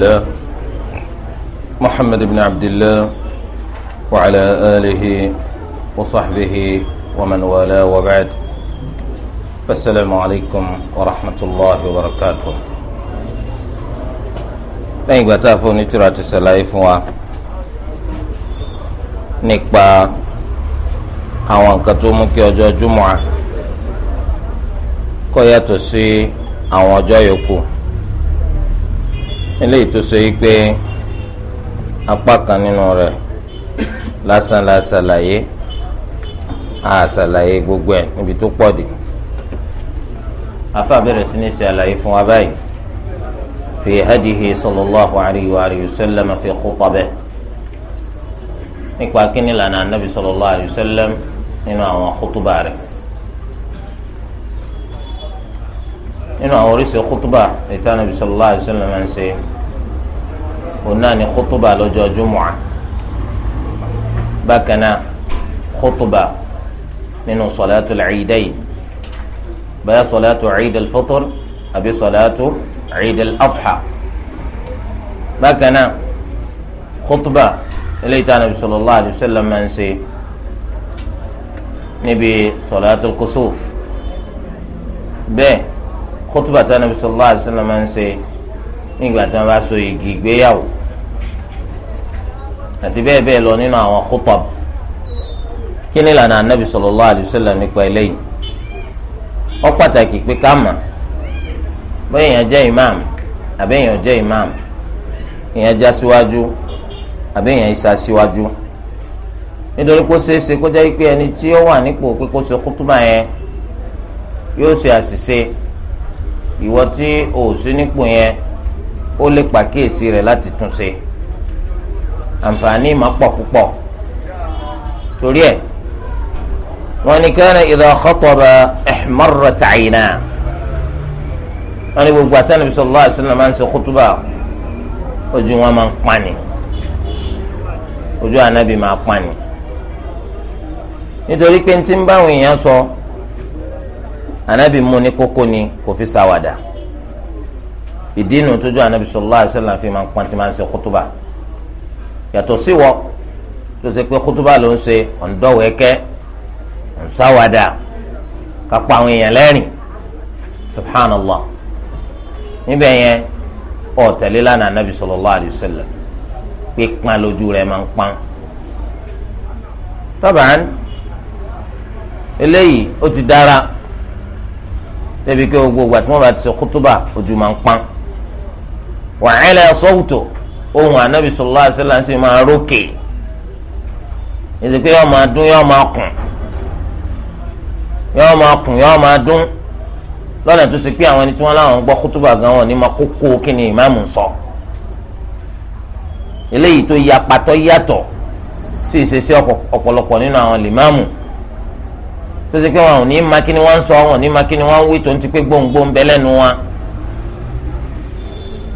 الله محمد بن عبد الله وعلى آله وصحبه ومن والاه وبعد السلام عليكم ورحمة الله وبركاته lẹ́yìn ìgbà tá a fún onítìrà ti ṣàlàyé fún wa nípa àwọn nǹkan tó mú kí ọjọ́ júmọ̀ kó yàtọ̀ sí àwọn ọjọ́ yòókù eléyìí tó so yìí pé apá kan nínú rẹ̀ lásán la ṣàlàyé a ṣàlàyé gbogbo ẹ̀ níbi tó pọ̀ dé afa bẹ̀rẹ̀ sí ní ṣe àlàyé fún wa báyìí fi hadihi sallallahu alayhi wa alihi wa sallam fi khutabe nípa kíni lànà anabi sallallahu alayhi wa sallam nínú àwọn khutuba rẹ̀. nínú àwọn oríṣi kútúbà ìta nàbí sallallahu alaihi wasallam máa ń ṣe òun náà ni kútúbà lọ́jọ́ jumu'a bákan náà kútúbà nínú sọ̀látù al-Eidayn báyà sọ̀látù Eid al-Fitr àbí sọ̀látù Eid al-Adha bákan sallallahu alaihi wasallam máa ń ṣe níbi kusuf bẹ́ẹ̀ kótóbà tí anabi sallallahu alaihi wasallam máa ń ṣe nígbà tí wọn bá so igi ìgbéyàwó àti bẹ́ẹ̀ bẹ́ẹ̀ lọ nínú àwọn kótóbà kí ni ìlànà anabi sallallahu alaihi wasallam nípa eléyìí ó pàtàkì pé ká mà bóyá èèyàn jẹ́ imam àbí èèyàn jẹ́ imam èèyàn já síwájú àbí èèyàn isa síwájú nítorí kó ṣeé ṣe kó jẹ́ pé ẹni tí ó wà nípò pé kó ṣe kútúbà yẹn yóò ṣe àṣìṣe ìwọ tí o ò sí nípò yẹn ó lè pàkíyèsí rẹ̀ láti tún ṣe àǹfààní ìmọ̀ pọ̀ púpọ̀ torí ẹ̀ wọ́n ní kana idha khataba ihmarrat ayna wọ́n ní gbogbo àtàlẹ́ sallallahu alaihi wasallam máa ń ṣe kútúbà ojú wọn máa ń pani ojú ànábì máa pani nítorí pé ntí ń báwọn èèyàn sọ. So, anabi mú ní kókó ni kò fi sáwàdà ìdí inú tójú anabi sallallahu alaihi wasallam fi máa ń pọn tí máa ń ṣe kútúbà yàtọ̀ sí wọ tó ṣe pé kútúbà ló ń ṣe ọ̀ǹdọ́wẹ́kẹ́ ọ̀ǹsáwàdà kápá àwọn èèyàn lẹ́rìn subhanallah níbẹ̀ yẹn ó lánàá anabi sallallahu alaihi pé pọn lójú rẹ̀ máa ń pọn tọ́ba eléyìí ó ti dára débi pé gbogbo ìgbà tí wọ́n bá ti ṣe kútúbà ojú máa ń pọ́n wa ala sawtu ohun anabi sallallahu alaihi wasallam sì máa rókè èsì pé yọọ máa dún yọọ máa kùn yọọ máa kùn yọọ máa dún lọ́nà tó ṣe pé àwọn ẹni tí wọ́n láwọn ń gbọ́ kútúbà gan wọn ní máa kókó kí ni ìmáàmù sọ eléyìí tó yapa yàtọ̀ sí ìṣesí ọ̀pọ̀lọpọ̀ nínú àwọn lìmáàmù tó ṣe pé wọn ò ní ma kí ni wọ́n ń sọ wọn ò ní ma kí ni wọ́n ń wí tó ń ti pé gbóngbóng bẹ́ lẹ́nu wọn.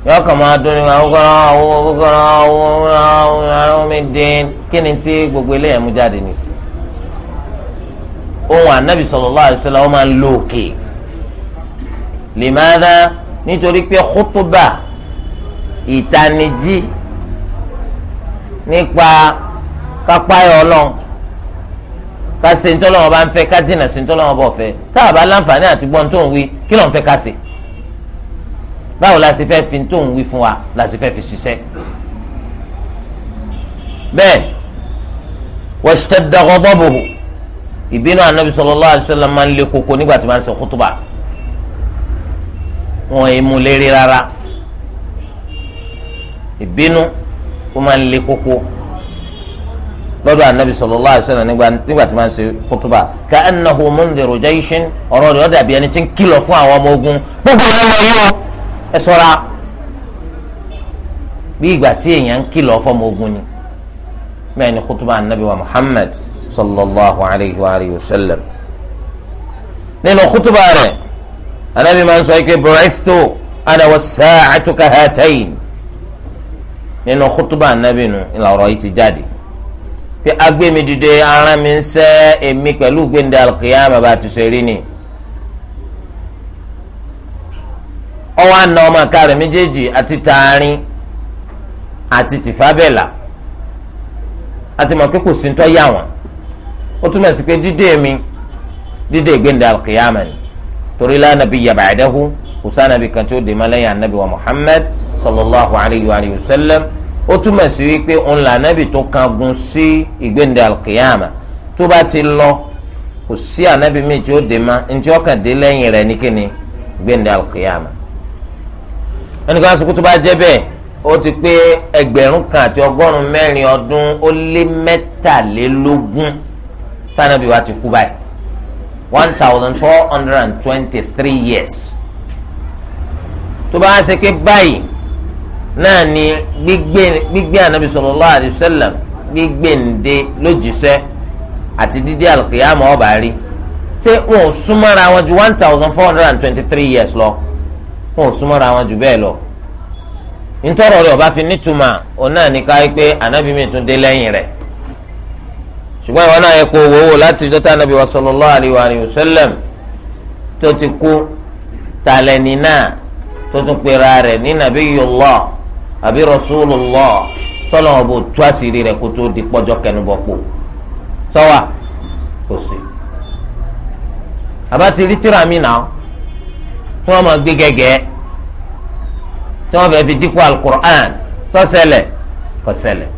yọ kàn máa dún ní àwòkọ́rọ́ àwòkọ́rọ́ àwòkọ́rọ́ àwòmídìn kí ni tí gbogbo eléyà mú jáde nìsí. ohun ànábì sallallahu alaihi wasallam máa ń lo òkè lèmọ́dá nítorí pé kútúbà ìtanijí nípa kápáyọ̀ ọlọ́run ká ṣe ń tọ́lọ́wọ́n bá ń fẹ́ ká dínà sí ń tọ́lọ́wọ́n bọ̀ fẹ́ tá a bá láǹfààní àti gbọ́n tó ń wí kí ló ń fẹ́ ká ṣe báwo la sì fẹ́ fi tó ń wí fún wa la sì fẹ́ fi ṣiṣẹ́ bẹ́ẹ̀ washtadda ghadabuhu ìbínú anabi sallallahu alaihi wasallam máa ń lé koko nígbà tí wọ́n ń ṣe kútùbà wọn è mú lérí rárá ìbínú ó máa ń lé koko lọ́dọ̀ anabi sallallahu alaihi wasallam nígbà tí wọ́n ṣe kútúbà ká annahu mundhiru jayshin ọ̀rọ̀ rẹ̀ ó dàbí ẹni tí ń kìlọ̀ fún àwọn ọmọ ogun gbogbo ẹ̀ lọ yọ ẹ ṣọ́ra bí ìgbà tí èèyàn ń kìlọ̀ fọmọ ogun ni bẹ́ẹ̀ ni kútúbà anabi wa muhammad sallallahu alayhi wa alihi wa sallam nínú kútúbà rẹ̀ anabi máa ń sọ ike bu'ithtu pé agbémi dìde aràn mi ń sẹ́ èmi pẹ̀lú gbẹ̀ndẹ̀ alkiyama bá ti ṣe rí ni. ọwọ́ àna ọmọ àka rẹ̀ méjèèjì àti taarin àti tìfábẹ́là àti mọ̀ pé kò sí tọ́ yà wọ́n ó túmọ̀ sí pé dídé mi dídé gbẹ̀ndẹ̀ alkiyama ni torí la nabiyya ba'dahu kò sáà kan tí ó dè mọ́ anabi wa Muhammad sallallahu alayhi wa sallam. ó túmọ̀ sí wípé òun lànàbì tó kangun sí ìgbéǹde alkiyama tó bá ti lọ kò sí ànábì míì tí ó dé ma njẹ́ ọkàn dé lẹ́yìn rẹ̀ ní kíni gbéǹde alkiyama ẹnìkan àsìkò tó bá jẹ́ bẹ́ẹ̀ ó ti pé ẹgbẹ̀rún kan àti ọgọ́rùn-ún mẹ́rin ọdún wa ti kú one thousand four hundred and twenty-three years tó bá ń ṣe náà ni gbígbé anabi sallallahu alayhi wa sallam gbígbé ǹde lójúṣẹ àti dídí alqiyama ọba rí ṣé wọn ò súnmọ́ra wọn ju one thousand four hundred and twenty three years lọ wọn ò súnmọ́ra wọn ju bẹ́ẹ̀ lọ ntọ́rọ̀ rẹ̀ ọba fi nítumọ̀ òun náà ní ká pé anabi mi tún dé lẹ́yìn rẹ̀ ṣùgbọ́n ìwọ náà yẹ kó wòówò láti dọ́tà anabi wa sallallahu alayhi wa sallam tó ti kú tàlẹ́ni náà tó tún pera rẹ̀ ní nabiyullah àbí rasulullah tọ́lọ̀ wọn bò tú àṣírí rẹ̀ kó tó di pọ́jọ́ kẹnubọ̀ pò sọ́wà kò sí. àbá ti rí tíra mi náà tí wọ́n máa gbé gẹ́gẹ́ tí wọ́n fẹ́ fi dípò alukur'an sọ́sẹ̀lẹ̀ kọ́sẹ̀lẹ̀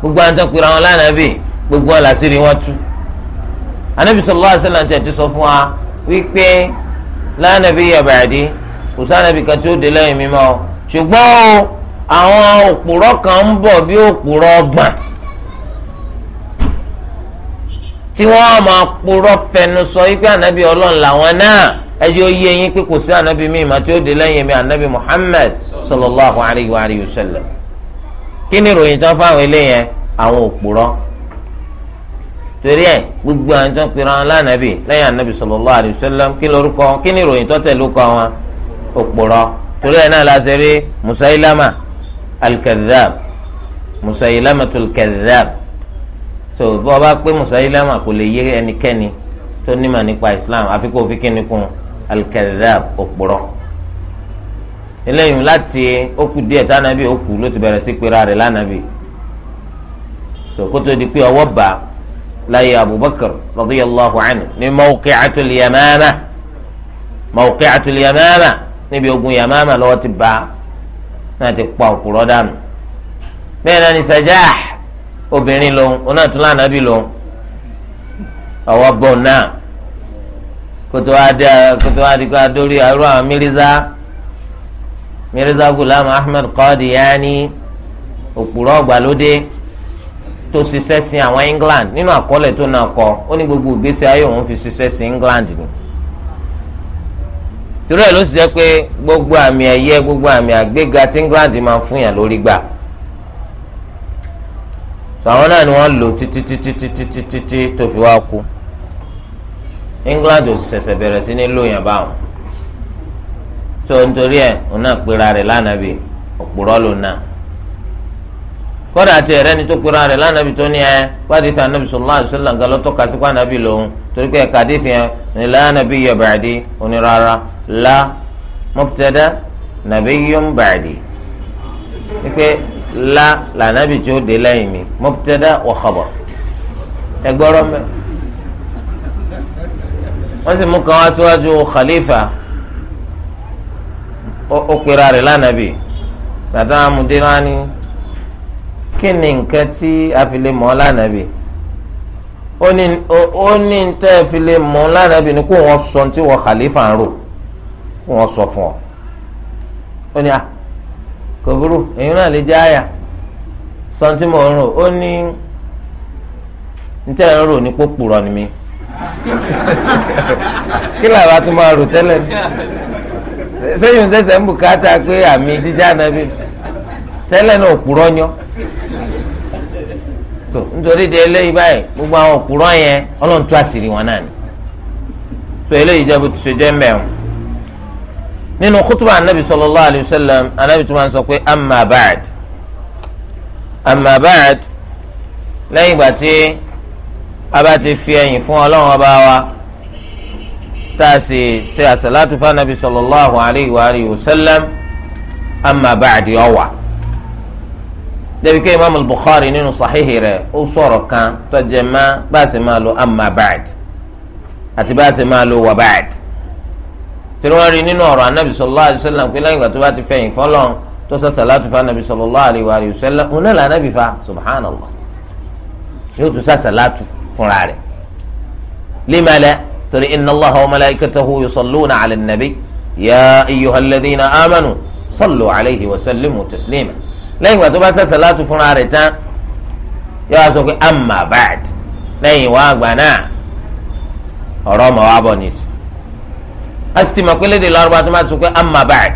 gbogbo àwọn tó ń pera wọn lánàá bì gbogbo wọn làṣírí wọn tú. anabi sallallahu alaihi wasallam ti sọ fún wa wípé lánàá bí yabàdí kò sánàbì kan tí ó dé lẹ́yìn mímọ́ ṣùgbọ́n o àwọn òpùrọ́ kan ń bọ̀ bí òpùrọ́ ọgbọ̀n tí wọ́n máa purọ́ fẹnu sọ wípé ànábì ọlọ́run làwọn náà ẹ jẹ́ ó yé yín pé kò sí ànábì míì mà tí ó dé lẹ́yìn mi ànábì Muhammad sallallahu alayhi wa sallam kí ni ìròyìn tán fáwọn eléyẹn àwọn òpùrọ́ torí ẹ gbogbo àwọn tó ń pera wọn lánàbì lẹ́yìn ànábì sallallahu alayhi wa sallam kí ni ìròyìn tó tẹ̀lé kọ wọn òpùrọ́ torí ẹ náà la ṣe rí Musailama al-kadhab musailamatul kadhab so bí wọ́n bá pé musailama kò lè yé ẹnikẹ́ni tó nímọ̀ nípa islam àfi kó fi kíni kún al-kadhab òpùrọ̀ eléyìí láti ókú díẹ̀ tánàbí ókú ló ti bẹ̀rẹ̀ sí pera rẹ̀ lánàbí so kótó di pé ọwọ́ bá láyé abubakar radiyallahu anhu ní mawqi'atul yamama mawqi'atul yamama níbi ogun yamama lọ́wọ́ ti bá náà ti pa òkúrọ́ dànù bẹ́ẹ̀ náà ni Sajah obìnrin lòun onátúlá ànábì lòun ọwọ́ bọ̀ náà kótó adé kótó adé kó adórí arú àwọn Mirza Mirza Gulam Ahmed Qadiani òkúrọ́ ọ̀gbàlódé tó ṣiṣẹ́ sí àwọn England nínú àkọọ́lẹ̀ tó náà kọ ó ní gbogbo ìgbésí ayé òun fi ṣiṣẹ́ sí England ni. torí ẹ̀ ló sì pé gbogbo àmì ẹ̀yẹ gbogbo àmì àgbéga tí England máa fún yàn lórí gbà àwọn náà ni wọ́n lò títí títí títí títí tó fi wá kú England ò ṣẹ̀ṣẹ̀ bẹ̀rẹ̀ sí ní lóyún so nítorí ẹ òun náà pera rẹ̀ lánàá bíi òpùrọ́ ló náà ẹ̀rẹ́ ni tó pera tó ní ẹ lọ́tọ́ ànábì lòun la mubtada nabiyyun ba'di wípé la lànàbì tí ó dé lẹ́yìn mi mubtada wa khabar ẹgbọ́rọ́ mẹ́ wọ́n sì mú kan wá síwájú khalifa ó pera rẹ̀ lánàbì tàtà amúdéwání kí ni nǹkan tí a fi lè mọ̀ lánàbì ó ní ó ní tẹ́ fi lè mọ̀ lánàbì ni kó wọ́n sọ tí wọ́n khalifa ń rò. wọn sọ fún ọ ó ní à kò burú èyí náà lè jẹ àyà sọtí mò ó ní níta ẹ̀ rò ní ni mi kí làwọn ti máa rò tẹ́lẹ̀ sẹ́yìn sẹ́sẹ̀ ń bùkátà pé àmì jíjá nàbí tẹ́lẹ̀ náà òpùrọ̀ yan so nítorí nínú khutba anabi sallallahu alayhi wa sallam anabi tún máa ń sọ pé amma ba'd amma ba'd lẹ́yìn ìgbà tí a bá ti fi ẹ̀yìn fún ọlọ́run ọba wa tá a sì ṣe àṣàlátù fún anabi sallallahu alayhi wa alihi wa sallam amma ba'd ọ̀wà débi imaamu bukhari nínú saxiixi rẹ̀ ó sọ̀rọ̀ kan tó ma bá a lo amma ba'd àti bá a lo wa ba'd tẹ̀lé wọn rí nínú ọ̀rọ̀ anabi sallallahu alayhi wa sallam pé lẹ́yìn ìgbà tó bá ti fẹ̀yìn fọlọ́n tó sọ sàlátù fún anabi sallallahu alayhi wa sallam òun náà là anabi fa subhanallah yóò tún sá sàlátù fúnra rẹ̀ límẹ̀lẹ́ torí inna allaha wa malaikatahu yusalluna ala nabi ya ayyuhal ladhina amanu sallu alayhi wa sallimu taslima lẹ́yìn ìgbà tó bá sá sàlátù fúnra rẹ̀ tán yóò wá sọ pé amma ba'd lẹ́yìn wàá gbà náà ọ̀rọ̀ wa bọ̀ nísì a sì ti mọ̀ pé lédè lárúbá tó máa ti sọ pé amma ba'd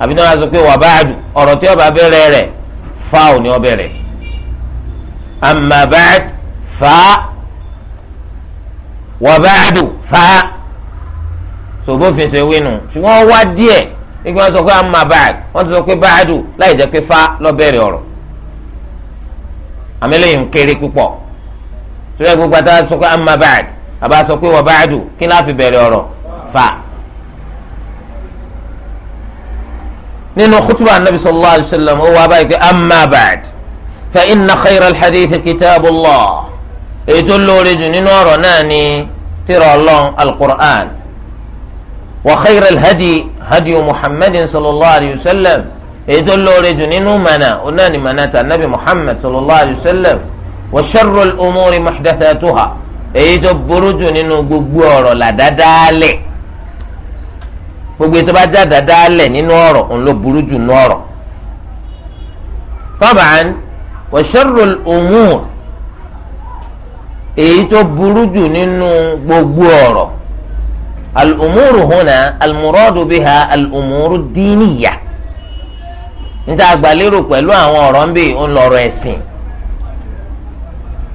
àbí tó máa sọ pé wà ba'du ọ̀rọ̀ tí ó bá bẹ̀rẹ̀ rẹ̀ fa ò ní ó bẹ̀rẹ̀ amma ba'd fa wà ba'du fa sòbófin ṣe wínu ṣùgbọ́n wá díẹ̀ nígbà wọn sọ pé amma ba'd wọn ti sọ pé ba'du láì jẹ́ pé fa ló bẹ̀rẹ̀ ọ̀rọ̀ àmì lẹ́yìn kéré púpọ̀ sọ́dọ̀ gbogbo àtàwọn sọ pé amma ba'd àbá sọ pé wà ba'du kí láà fi bẹ̀rẹ̀ ọ̀rọ̀ fa. nínú khutba anabi sallallahu alayhi wa sallam ó wá báyìí pé amma ba'd fa inna khayra alhadithi kitabullah èyí tó lóore jù nínú ọ̀rọ̀ náà ni tírà Ọlọ́run alqur'an wa khayra alhadi hadi muhammadin sallallahu alayhi wa sallam èyí tó lóore jù nínú mana ó náà ni mana ta nabi muhammad sallallahu alayhi wa sallam wa sharru al-umuri muhdathatuha èyí tó burú jù nínú gbogbo ọ̀rọ̀ làdádáálẹ̀ gbogbo ètò bá já dáadáa lẹ̀ nínú ọ̀rọ̀ òun ló burú jù nínú ọ̀rọ̀ tọ́bàn wa sharrul umur èyí tó burú jù nínú gbogbo ọ̀rọ̀ al-umuru huna al-muradu biha al-umuru diniya níta àgbàlérò pẹ̀lú àwọn ọ̀rọ̀ ń bè ń ẹ̀sìn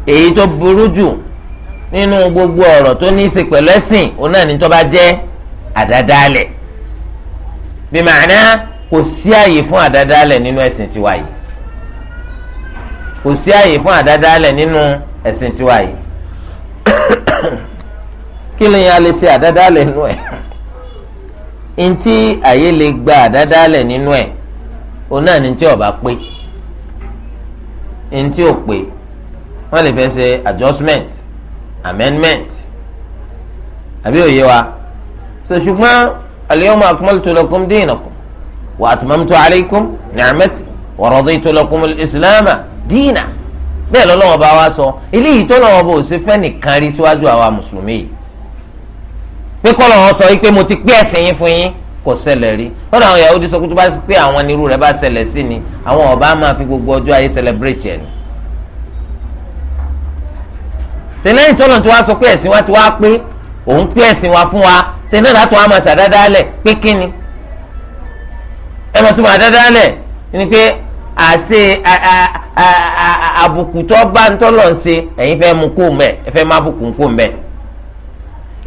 èyí tó burú jù nínú gbogbo ọ̀rọ̀ tó ní í ṣe pẹ̀lú ẹ̀sìn òun náà ní tó bá jẹ́ àdádálẹ̀ bí màánà kò sí àyè fún àdádálẹ̀ nínú ẹ̀sìn tiwa yìí kò sí àyè fún àdádálẹ̀ nínú ẹ̀sìn tiwa yìí kí ló yẹn a lè ṣe àdádálẹ̀ nínú ẹ̀ ntí àyè lè gba àdádálẹ̀ nínú ẹ̀ òun náà ní tí ọba pé ntí ò pé wọ́n lè fẹ́ ṣe adjustment amendment àbí òye wa so ṣùgbọ́n. اليوم أكملت لكم دينكم وأتممت عليكم atmamtu ورضيت لكم الإسلام دينا. lakum al-islama dina bẹ́ẹ̀ lọ́lọ́wọ́ bá wa sọ eléyìí tó lọ́wọ́ bó o ṣe fẹ́ nìkan rí síwájú àwa mùsùlùmí yìí pé kọ́ lọ́wọ́ sọ yìí pé mo ti pé ẹ̀sìn yín fún yín kò ṣẹlẹ̀ rí lọ́dọ̀ àwọn Yahudi sọ pé tó bá pé àwọn irú rẹ̀ bá ṣẹlẹ̀ sí ni àwọn ọba máa fi gbogbo ọjọ́ ayé celebrate ẹ̀ ni. sẹ́lẹ̀yìn tọ́lọ̀ tí wàá sọ pé ẹ̀sìn wa ti wá pé òun pé ẹ̀sìn wa fún wa se náà látọ̀ àmọ̀ sàdáadáa lẹ̀ pé kíni ẹ mọ̀ tó máa dáadáa lẹ̀ ni pé àṣe àbùkù tó bá ń tọ́lọ̀ ń ṣe ẹ̀yin fẹ́ mú kó mẹ́ ẹ fẹ́ má bùkù kó mẹ́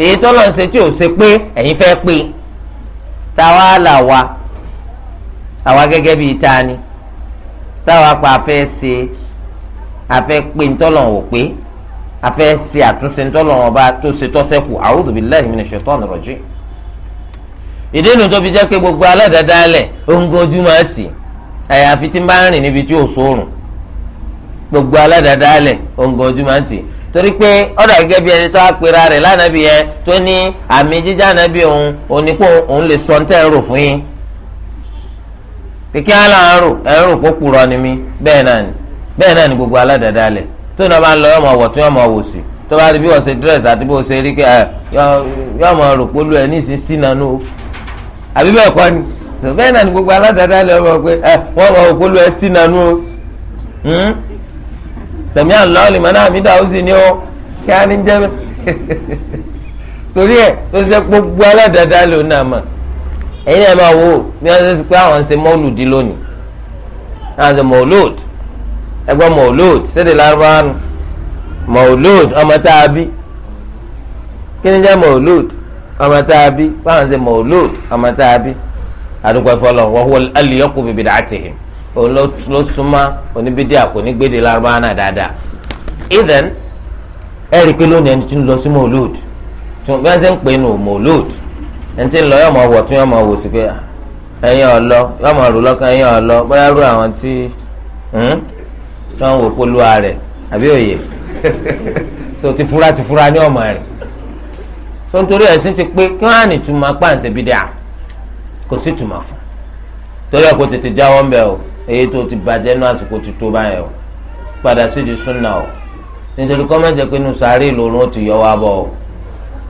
èyí tọ́lọ̀ ń ṣe tí ò ṣe pé ẹ̀yin fẹ́ pé táwa là wa àwa gẹ́gẹ́ bíi ta ni táwa pa afẹ́ ṣe afẹ́ pé ń tọ́lọ̀ wò pé. afẹ́ ṣe àtúnṣe ńtọ́lọ́wọ́n bá tó ṣe tọ́sẹ́kù a'udhu billahi minash shaitani rajim ìdí inú tó fi jẹ́ pé gbogbo aládàádáalẹ̀ oúnjẹ ojúmọ́ àyàfi tí ń bá gbogbo aládàádáalẹ̀ oúnjẹ ojúmọ́ àti torí pé ọ̀dà gẹ́gẹ́ bí ẹni tó á pera rẹ̀ lánàbí yẹn tó ní àmì jíjà ànábì òun onípò òun lè sọ tẹ́ ń rò fún yín kíkí á là kó tó náà bá ń lọ yọmọ wọ̀ tó yọmọ wò sí tó bá rí bí wọ́n ṣe dírẹ́sì àti bí wọ́n ṣe rí pé ah, yọmọ rò pólú ẹ̀ ní ìsín sínà nù àbí bẹ́ẹ̀ kọ́ ni bẹ́ẹ̀ náà ni gbogbo aládàáda lè ọmọ pé ẹ ah, wọ́n mọ òkú lu ẹ sí nanú o hmm? sẹ̀mí àlọ́ lèmọ́ náà mi dà ó sì ní o kí á ní jẹ́ bẹ́ẹ̀ torí ẹ̀ ló ṣe gbogbo aládàáda lè ọ̀nà mà ẹ̀yin ẹ̀ máa wò ó bí wọ́n ṣe pé àwọn ṣe mọ́lùdí lónìí ẹgbọ́ maulud sẹ́dẹ̀ lárúbáwá maulud mọ̀lóòd ọmọ tá a bí kí ni jẹ́ mọ̀lóòd ọmọ tá a bí báwọn ṣe mọ̀lóòd ọmọ tá a bí àdúgbò ìfọlọ wọ́n wọ́n alìyọ́kù bìbì dàtìhìn òun ló súnmọ́ oníbídé àpò nígbèdè lárúbáwá náà dáadáa ìdẹ́n ẹ rí i pé lónìí ẹni tí ń lọ sí mọ̀lóòd tí wọ́n ṣe ń pè é nù mọ̀lóòd ẹni tí ń lọ yọ̀ mọ̀ wọ̀ tún yọ̀ mọ̀ wò sí pé ah, ẹ̀yin ọ̀lọ́ yọ̀ mọ̀ rò lọ́kàn ẹ̀yin ọ̀lọ́ bóyá rú àwọn tí hmm? tí wọ́n wò polúwa rẹ̀ àbí òye so ti fura ti fura ní ọmọ rẹ̀ so nítorí ẹ̀sìn ti pé kí wọ́n á ní tuma páǹsẹ̀ bíi dà kò sí tuma fún torí ẹ̀ kò tètè jáwọ́ ńbẹ o èyí tó ti bàjẹ́ ní àsìkò ti tó báyẹn o padà sí di súnà o nítorí kọ́ pé inú sàárè ìlòrùn ó ti yọ wá bọ̀ o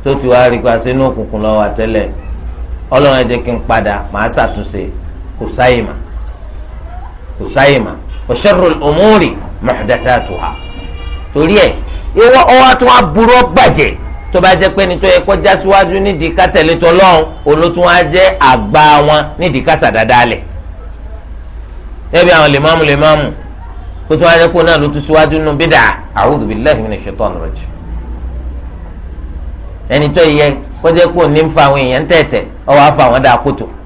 tó ti wá rí pàṣẹ inú òkùnkùn lọ́wọ́ àtẹ́lẹ̀ ọlọ́run ẹ kí n padà màá ṣàtúnṣe kò sáyè mà kò sáyè mà wa sharrul umuri muhdathatuha torí ẹ̀ ìwọ ọwọ́ tó wá burú bàjẹ́ tó bá jẹ́ pé ní tó yẹ kó já síwájú nídìí ká tẹ̀lé tọlọ́run olótú wá jẹ́ àgbà wọn nídìí ká sàdáadáa lẹ̀ ẹbí àwọn lèmọ́mù lèmọ́mù kó tó wá jẹ́ kó náà ló tún síwájú nínú bídà a'udhu billahi minash shaitanir rajim ẹni tó yẹ kó jẹ́ kó ní ń fa àwọn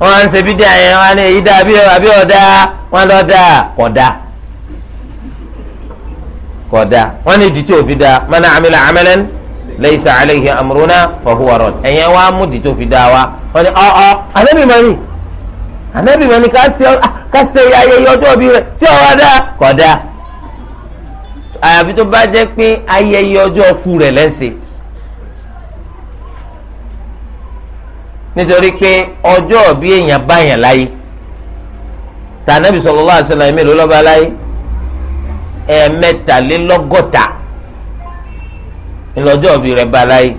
wọn á ń ṣe bídíà yẹn wọn á ní èyí dá àbí ọ̀dá wọn lọ dá kọ̀dá kọ̀dá wọn ní ìdìtò òfin dá mọ́nà àmìlà àmẹ́lẹ́n lẹ́yìn alayhi amúrúnà fọ̀húwọ̀rọ̀ ẹ̀yẹn wọn á mú ìdìtò òfin dá wa wọn ní ọ̀ ọ̀ anábì mọ́ni anábì mọ́ni ká ṣe ayẹyẹ ọjọ́ òbí rẹ̀ tí ọ̀ dá kọ̀dá àyàfi tó bá jẹ́ pé ayẹyẹ ọjọ́ ọkù rẹ̀ lẹ́sìn nítorí pé ọjọ́ bí èèyàn báyàn láyé tànàbí sọlọ alaihi wasallam mélòó ló bá láyé ẹ̀ẹ̀mẹ́tàlélọ́gọ́ta ńlọ́jọ́ bí rẹ̀ bá láyé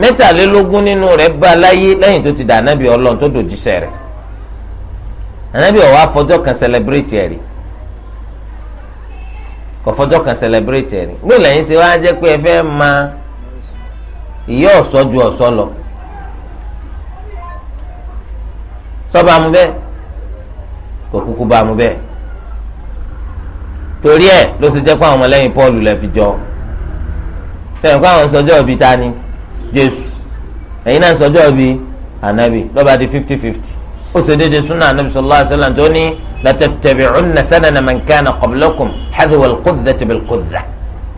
mẹ́tàlélógún nínú rẹ̀ bá láyé lẹ́yìn tó ti dà ànábì ọlọ́run tó dòjíṣẹ́ rẹ̀ ànábì ọ̀wá kan celebrate ẹ̀ kan celebrate ẹ̀ gbọ́dọ̀ lẹ́yìn ṣe wá jẹ́ pé ẹ fẹ́ ìyá lọ. sọba mu bẹ́ẹ̀ kò kúkú bá mu bẹ́ẹ̀ torí ẹ̀ ló ti jẹ́ pé àwọn ọmọlẹ́yìn Paul lè fi jọ tẹ̀yìn pé àwọn sọjọ́ bíi ta ni Jésù ẹ̀yin náà sọjọ́ bíi ànábì lọ́ba di fifty fifty ó ṣe déédéé súnà ànábì sallallahu alaihi tó ní latattabi'unna sanana man kana qablakum hadwa al-quddati bil-quddah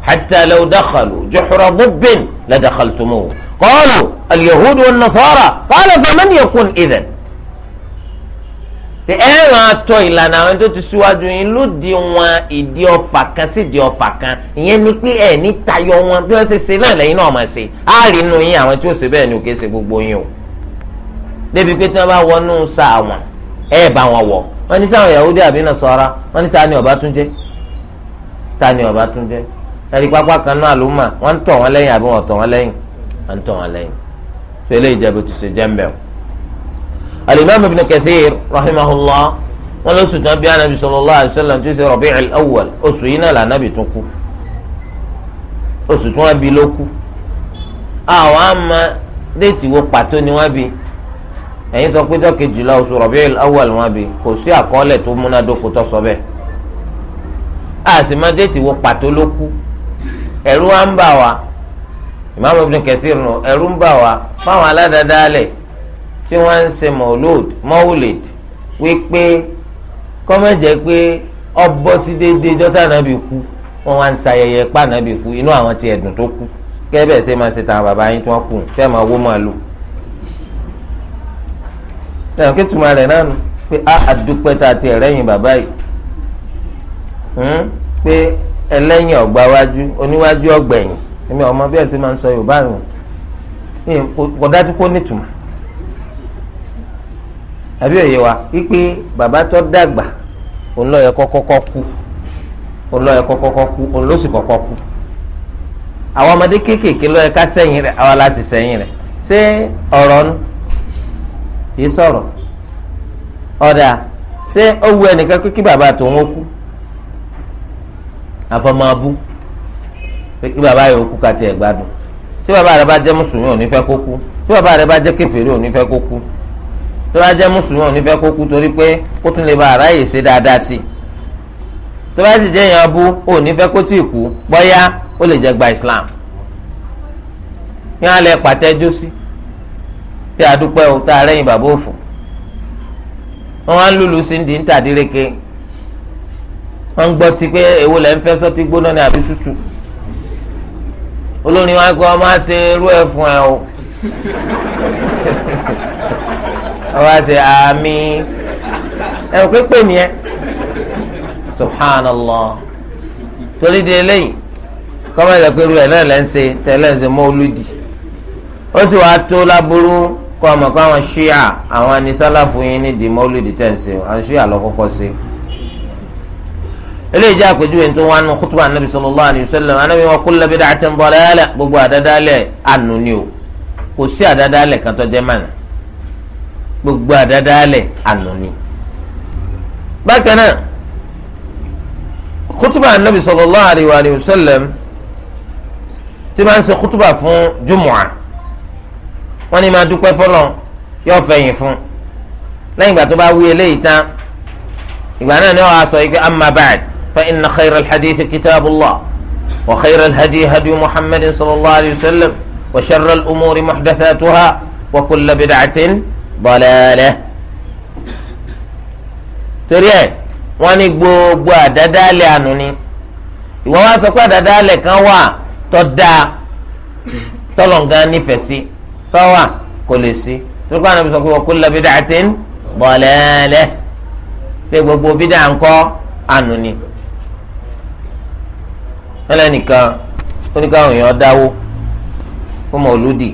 hatta law dakhalu juhra dubbin ladakhaltumuhu qalu al-yahudu wan-nasara qala faman yakun idhan ẹ máa tọ ìlànà àwọn tó ti síwájú yín ló di wọn ìdí ọfà kan sí ìdí ọfà kan ìyẹn ni pé ẹ ní tayọ wọn bí wọn ṣe ṣe náà lẹ́yìn náà máa ṣe á rí inú yín àwọn tí ó ṣe bẹ́ẹ̀ ni òkè ṣe gbogbo yín o débi pé tí wọn bá wọnú sáà wọn ẹ bá wọn wọ wọn ní sáwọn Yahudi àbí Nasara wọn ní ta ni ọba tún jẹ ta ni ọba tún jẹ ẹni pápá kan náà ló mà wọn ń tọ wọn lẹ́yìn àbí wọn tọ wọn lẹ́yìn wọn ń tọ wọn lẹ́yìn alimami ibn kathir rahimahullah wọn lọ sùn tán bí anabi sallallahu alayhi wa sallam ti awwal oṣù yìí náà lànàbì tún kú oṣù tí wọn bí ló kú wo pàtó ni wọn bí ẹ̀yin sọ pé jọkejìlá oṣù rabi'il awwal wọn bí kò sí wo ń bà wá ìmáàmù tí wọ́n ń ṣe mọ̀lúd mọ́wùlẹ̀d wípé kọ́mẹ́jẹ pé ọbọ̀ sí déédéé jọ́tà nàbì kú wọ́n wá ń ṣayẹyẹ pa nàbì kú inú àwọn ti ẹ̀dùn tó kú kẹ́bẹ̀ ṣe máa ṣe tàwọn bàbá yín tí wọ́n kù tẹ́ máa wó máa lò. ẹ̀rọ kí tuma rẹ̀ náà pé a àdúpẹ́ ta ti ẹ̀rẹ́yìn bàbá yìí hmm? pé ẹlẹ́yìn ọ̀gbà wájú oníwájú ọ̀gbẹ̀yìn èmi ọmọ bí ẹ̀ ṣe máa ń sọ Yorùbá yìí kò dájú kó nítumọ̀ àbí òye wa wípé bàbá tó dàgbà òun ló yẹ kọ́kọ́kọ́ kú òun ló yẹ kọ́kọ́kọ́ kú òun ló sì kọ́kọ́ kú àwọn ọmọdé kéékèèké ló yẹ ká sẹ́yìn rẹ̀ àwa la sì sẹ́yìn rẹ̀ ṣé ọ̀rọ̀ nu yìí sọ̀rọ̀ ọ̀dà ṣé ó wu ẹnìkan pé kí bàbá tòun ó kú àfọmọ́abú pé kí bàbá yòó kú kàtí ẹ̀ tí bàbá rẹ̀ bá jẹ́ mùsùlùmí ò ní fẹ́ kó kú tí bàbá rẹ̀ bá jẹ́ kèfèrí ò ní fẹ́ kó kú tó bá jẹ́ mùsùlùmí ò ní fẹ́ kó kú torí pé kó tún lè ba àráyè ṣe dáadáa sí i tó bá sì jẹ́ èèyàn abú ò fẹ́ kó tí ì kú bọ́yá ó lè jẹ́ gba Islam yín á lẹ pàtẹ́jú sí bí adúpẹ́ o tá a rẹ́yìn bàbá òfò wọ́n á lùlù sí ní tàdíreke wọ́n ń gbọ́ ti pé èwo lẹ́ ń fẹ́ sọ́tí gbóná ní àbí tútù olórin wa gbọ́ ọmọ àṣẹ irú ẹ̀ fún ẹ o àwa ṣe àmín ẹ̀rù pípé nìyẹn subhanallah torí di eléyìí kọ́mọ̀ ìjà pé irú ẹ̀ náà lẹ́ ń ṣe tẹ́lẹ̀ ń ṣe mọ́lúdì ó sì wáá tó láburú kọ́ ọmọ kọ́ àwọn ṣíà àwọn anisálàfù yín nídìí mọ́lúdì tẹ̀ ń ṣe àwọn ṣíà lọ kọ́kọ́ ṣe eléyìí jẹ́ àpèjúwe tó wá nù kútùbà nàbì sallallahu alayhi wa sallam anábì wọn kullu bid'atin dalalah gbogbo àdádálẹ̀ ànú o kò sí àdádálẹ̀ kan jẹ́ mànà gbogbo àdádálẹ̀ ànúni. bákan náà kútùbà anabi sallallahu alayhi wa sallam tí bá ń ṣe kútùbà fún jumu'a wọ́n ní máa dúpẹ́ fọlọ́ yóò fẹ̀yìn fún lẹ́yìn ìgbà tó bá wí eléyìí tán ìgbà náà ni wọ́n á sọ yìí pé amma ba'd fa inna khayra alhadithi kitabullah wa khayra alhadi hadi muhammadin sallallahu alayhi wa sallam wa sharra al-umuri muhdathatuha wa kulla bid'atin dalalah torí ẹ̀ wọ́n ní gbogbo àdádálẹ̀ ànú ni ìwọ wá sọ pé àdádálẹ̀ kan wà tó dáa tọ́lọ̀ǹgá nífẹ̀ẹ́ sí sọ́wà kò lè sí torí pé ànábi sọ pé wọ́n kó lọ bídà àti ń dalalah pé gbogbo bídà ńkọ́ ànú ni ẹlẹ́nìkan tó ní káwọn èèyàn dáwó fún mọ̀lúdì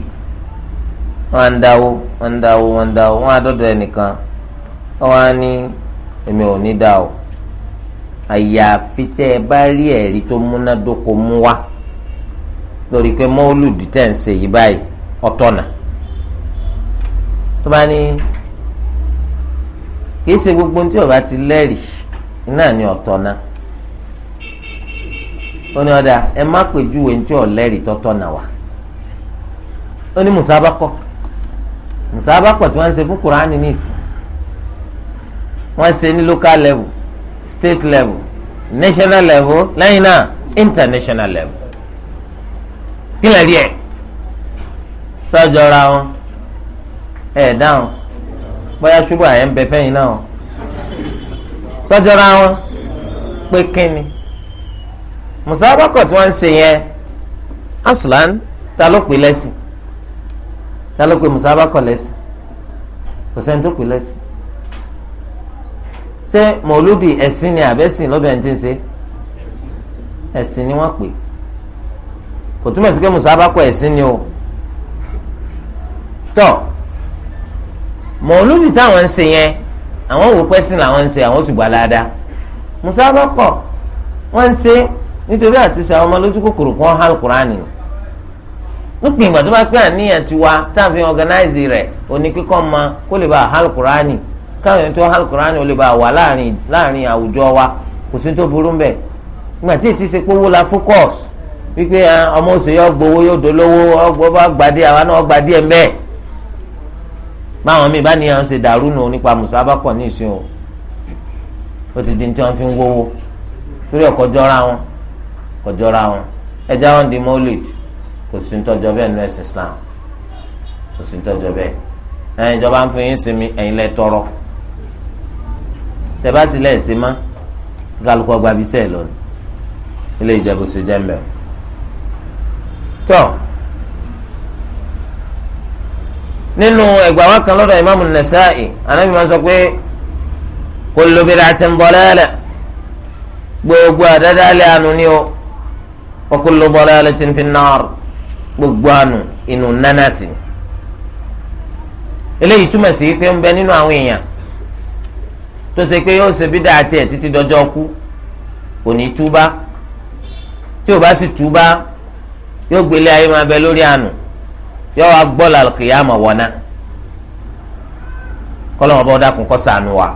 wọn ń dáwó wọn ń dáwó wọn ń dáwó wọn adọdọ ẹnìkan wọn á ní èmi ò ní dá o àyàfi tẹ ẹ bá rí ẹ̀rí tó múnádóko mú wá lórí pé mọ́ọ́lùdì tẹ̀ ń ṣe yìí báyìí ọ̀tọ̀nà tó bá ní kìí í ṣe gbogbo tí ọba ti lẹ́rìí iná ní ọ̀tọ̀nà ó ní ẹ má pèjúwe tí ọ̀ lẹ́rìí tọ́tọ̀nà wá musaba pọ̀ tí wọ́n ń ṣe fún kuraani nìsín wọ́n ṣe ní local level state level national level lẹ́yìn náà international level kílẹ̀ díẹ̀ sọ́jọ́ra wọn ẹ̀ dáhùn bóyá ṣubú àyẹ̀ ń bẹ fẹ́yìn náà sọ́jọ́ra wọn pé kínni musaba pọ̀ tí wọ́n ń ṣe yẹn aslan ta ló pè lẹ́sìn ta ló pe musaba kọ lẹ́sìn kò sẹ́ni tó pè lẹ́sìn ṣé mọ̀lúdì ẹ̀sìn ni àbẹ́sìn lọ́bẹ̀ ẹni tí ń ṣe ẹ̀sìn ni wọ́n pè kò túmọ̀ sí pé musaba kọ ẹ̀sìn ni o tọ́ mọ̀lúdì táwọn ń ṣe yẹn àwọn wò pẹ́sìn làwọn ń ṣe àwọn sì gbà láadáa musaba kọ wọ́n ń ṣe nítorí àti ṣe àwọn ọmọ lójú kòkòrò kan hàn kúránì o lópin ìgbà tó bá pé àníyàn ti wa táwọn fi organize rẹ̀ òní kíkọ́ ma kó lè bá alukurani káwọn èèyàn tó alukurani ó lè bá wà láàrin láàrin àwùjọ wa kò sí tó burú mbẹ ìgbà ètí ṣe pówó la focus wípé ah, ọmọ òsè yọ gbowó yóò dolówó ọgbọ bá gbadé àwa náà gbadé ẹ mbẹ báwọn míì bá níyàn ṣe dàrú nù nípa musa bá pọ̀ ní ìsìn o ó ti di ní tí wọ́n fi ń wówó torí ọkọ̀ wọn ọkọ̀ wọn ẹja kò sí ntọ́jọ́ bẹ́ẹ̀ nínú ẹ̀sìn Islam kò sí ntọ́jọ́ bẹ́ẹ̀ ẹ̀yin ìjọba ń fún yín sinmi ẹ̀yin lẹ tọrọ tẹ bá sì lẹ́ẹ̀sìn mọ́ kálukọ́ gbabi sẹ́ẹ̀ lónìí ilé ìjẹ́bù sí jẹ́mbẹ́ tọ́ nínú ẹgbà wa kan lọ́dọ̀ imaamu nasa'i anabi máa ń sọ pé kullu bid'atin dalalah gbogbo àdádálẹ̀ àánú ni ó wa kullu dalalatin fin nar gbogbo àánú inú nánà sí ni eléyìí túmọ̀ sí pé ń bẹ nínú àwọn èèyàn tó ṣe pé yóò ṣe bídà àti ẹ̀ títí dọjọ́ kú kò ní túbá tí ò bá sì túbá yóò gbélé ayé máa bẹ lórí àánú yóò wá gbọ́ làlùkìyàmọ̀ wọ̀nà kọ́lọ́mọ̀ bá dákun kó ṣàánú wa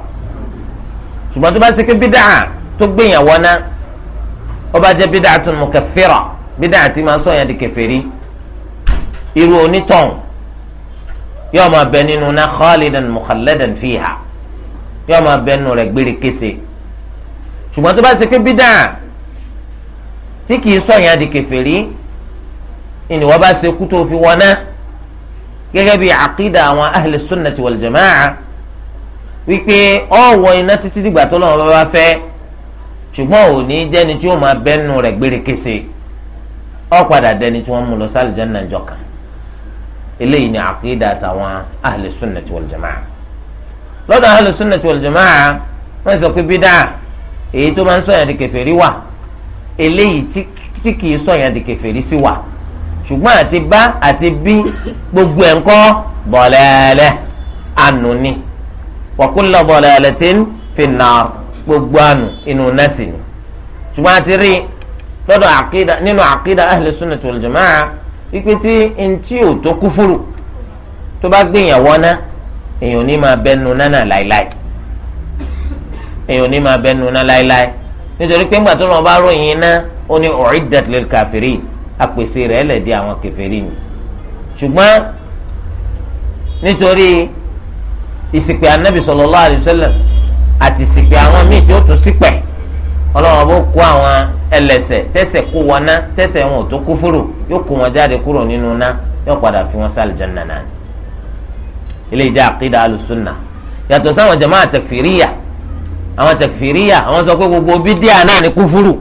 ṣùgbọ́n tó bá ṣe pé bídà tó gbéyàn ó bá jẹ́ bídà tún mukaffira bídà àti máa sọ yẹn di kèfèrí irú onítàn yóò máa bẹ nínú náà khalidan mukhalladan fiha yóò máa bẹ nínú rẹ̀ gbére kése ṣùgbọ́n tó bá ṣe pé bídà tí kìí sọ̀yàn di kèfèrí ni wọ́n bá ṣe kú tó fi wọ́n náà gẹ́gẹ́ bí àkídà àwọn ahli sunnati wal jamaa wípé ọ̀wọ́ iná títí dìgbà tó lọ́wọ́ bá fẹ́ ṣùgbọ́n ò ní jẹ́ni tí ó máa bẹ́nu rẹ̀ gbére kése ó padà dẹni tí wọ́n mú lọ sí àlùjánnà jọkàn eléyìí ni àkídà tàwọn ahli sunnati wal jamaa lọ́dọ̀ ahli sunnati wal jamaa wọ́n sọ pé bídà èyí tó máa ń sọ̀yàn di kèfèrí wà eléyìí tí kì í sọ̀yàn di kèfèrí sí wà ṣùgbọ́n àti bá àti bí gbogbo ẹ̀ ń kọ́ bọ̀lẹ́lẹ́ ànúni wa kullu dalalatin fin nar gbogbo ànú inú nẹ́sì ni ṣùgbọ́n àti rí lọ́dọ̀ àkídà nínú àkídà ahli sunnati wal jamaa wípé tí ntí ò tó kúfúrú tó bá gbìyànjú ná èèyàn ní máa bẹnu nánà láéláé èèyàn ní máa bẹnu nánà láéláé nítorí pé ńgbà tó lọ́n bá ròyìn iná ó ní u'iddat lil kafirin apèsè rẹ̀ lẹ̀ di àwọn kèfèrí ni ṣùgbọ́n nítorí ìsìpè anabi sallallahu alaihi wasallam àti ìsìpè àwọn míì tí ó tún sípẹ̀ ọlọ́wọ́n bó kó àwọn ẹlẹ́ṣẹ̀ tẹ́ṣẹ̀ kó wọn ná tẹ́ṣẹ̀ wọn ò tó kúfúrù yóò kó wọn jáde kúrò nínú ná yóò padà fi wọn sálì janna náà ni ilé ìjà àkídà alùsùnà yàtọ̀ sáwọn jama tẹkfìríyà àwọn tẹkfìríyà àwọn sọ pé gbogbo bídíà náà ni kúfúrù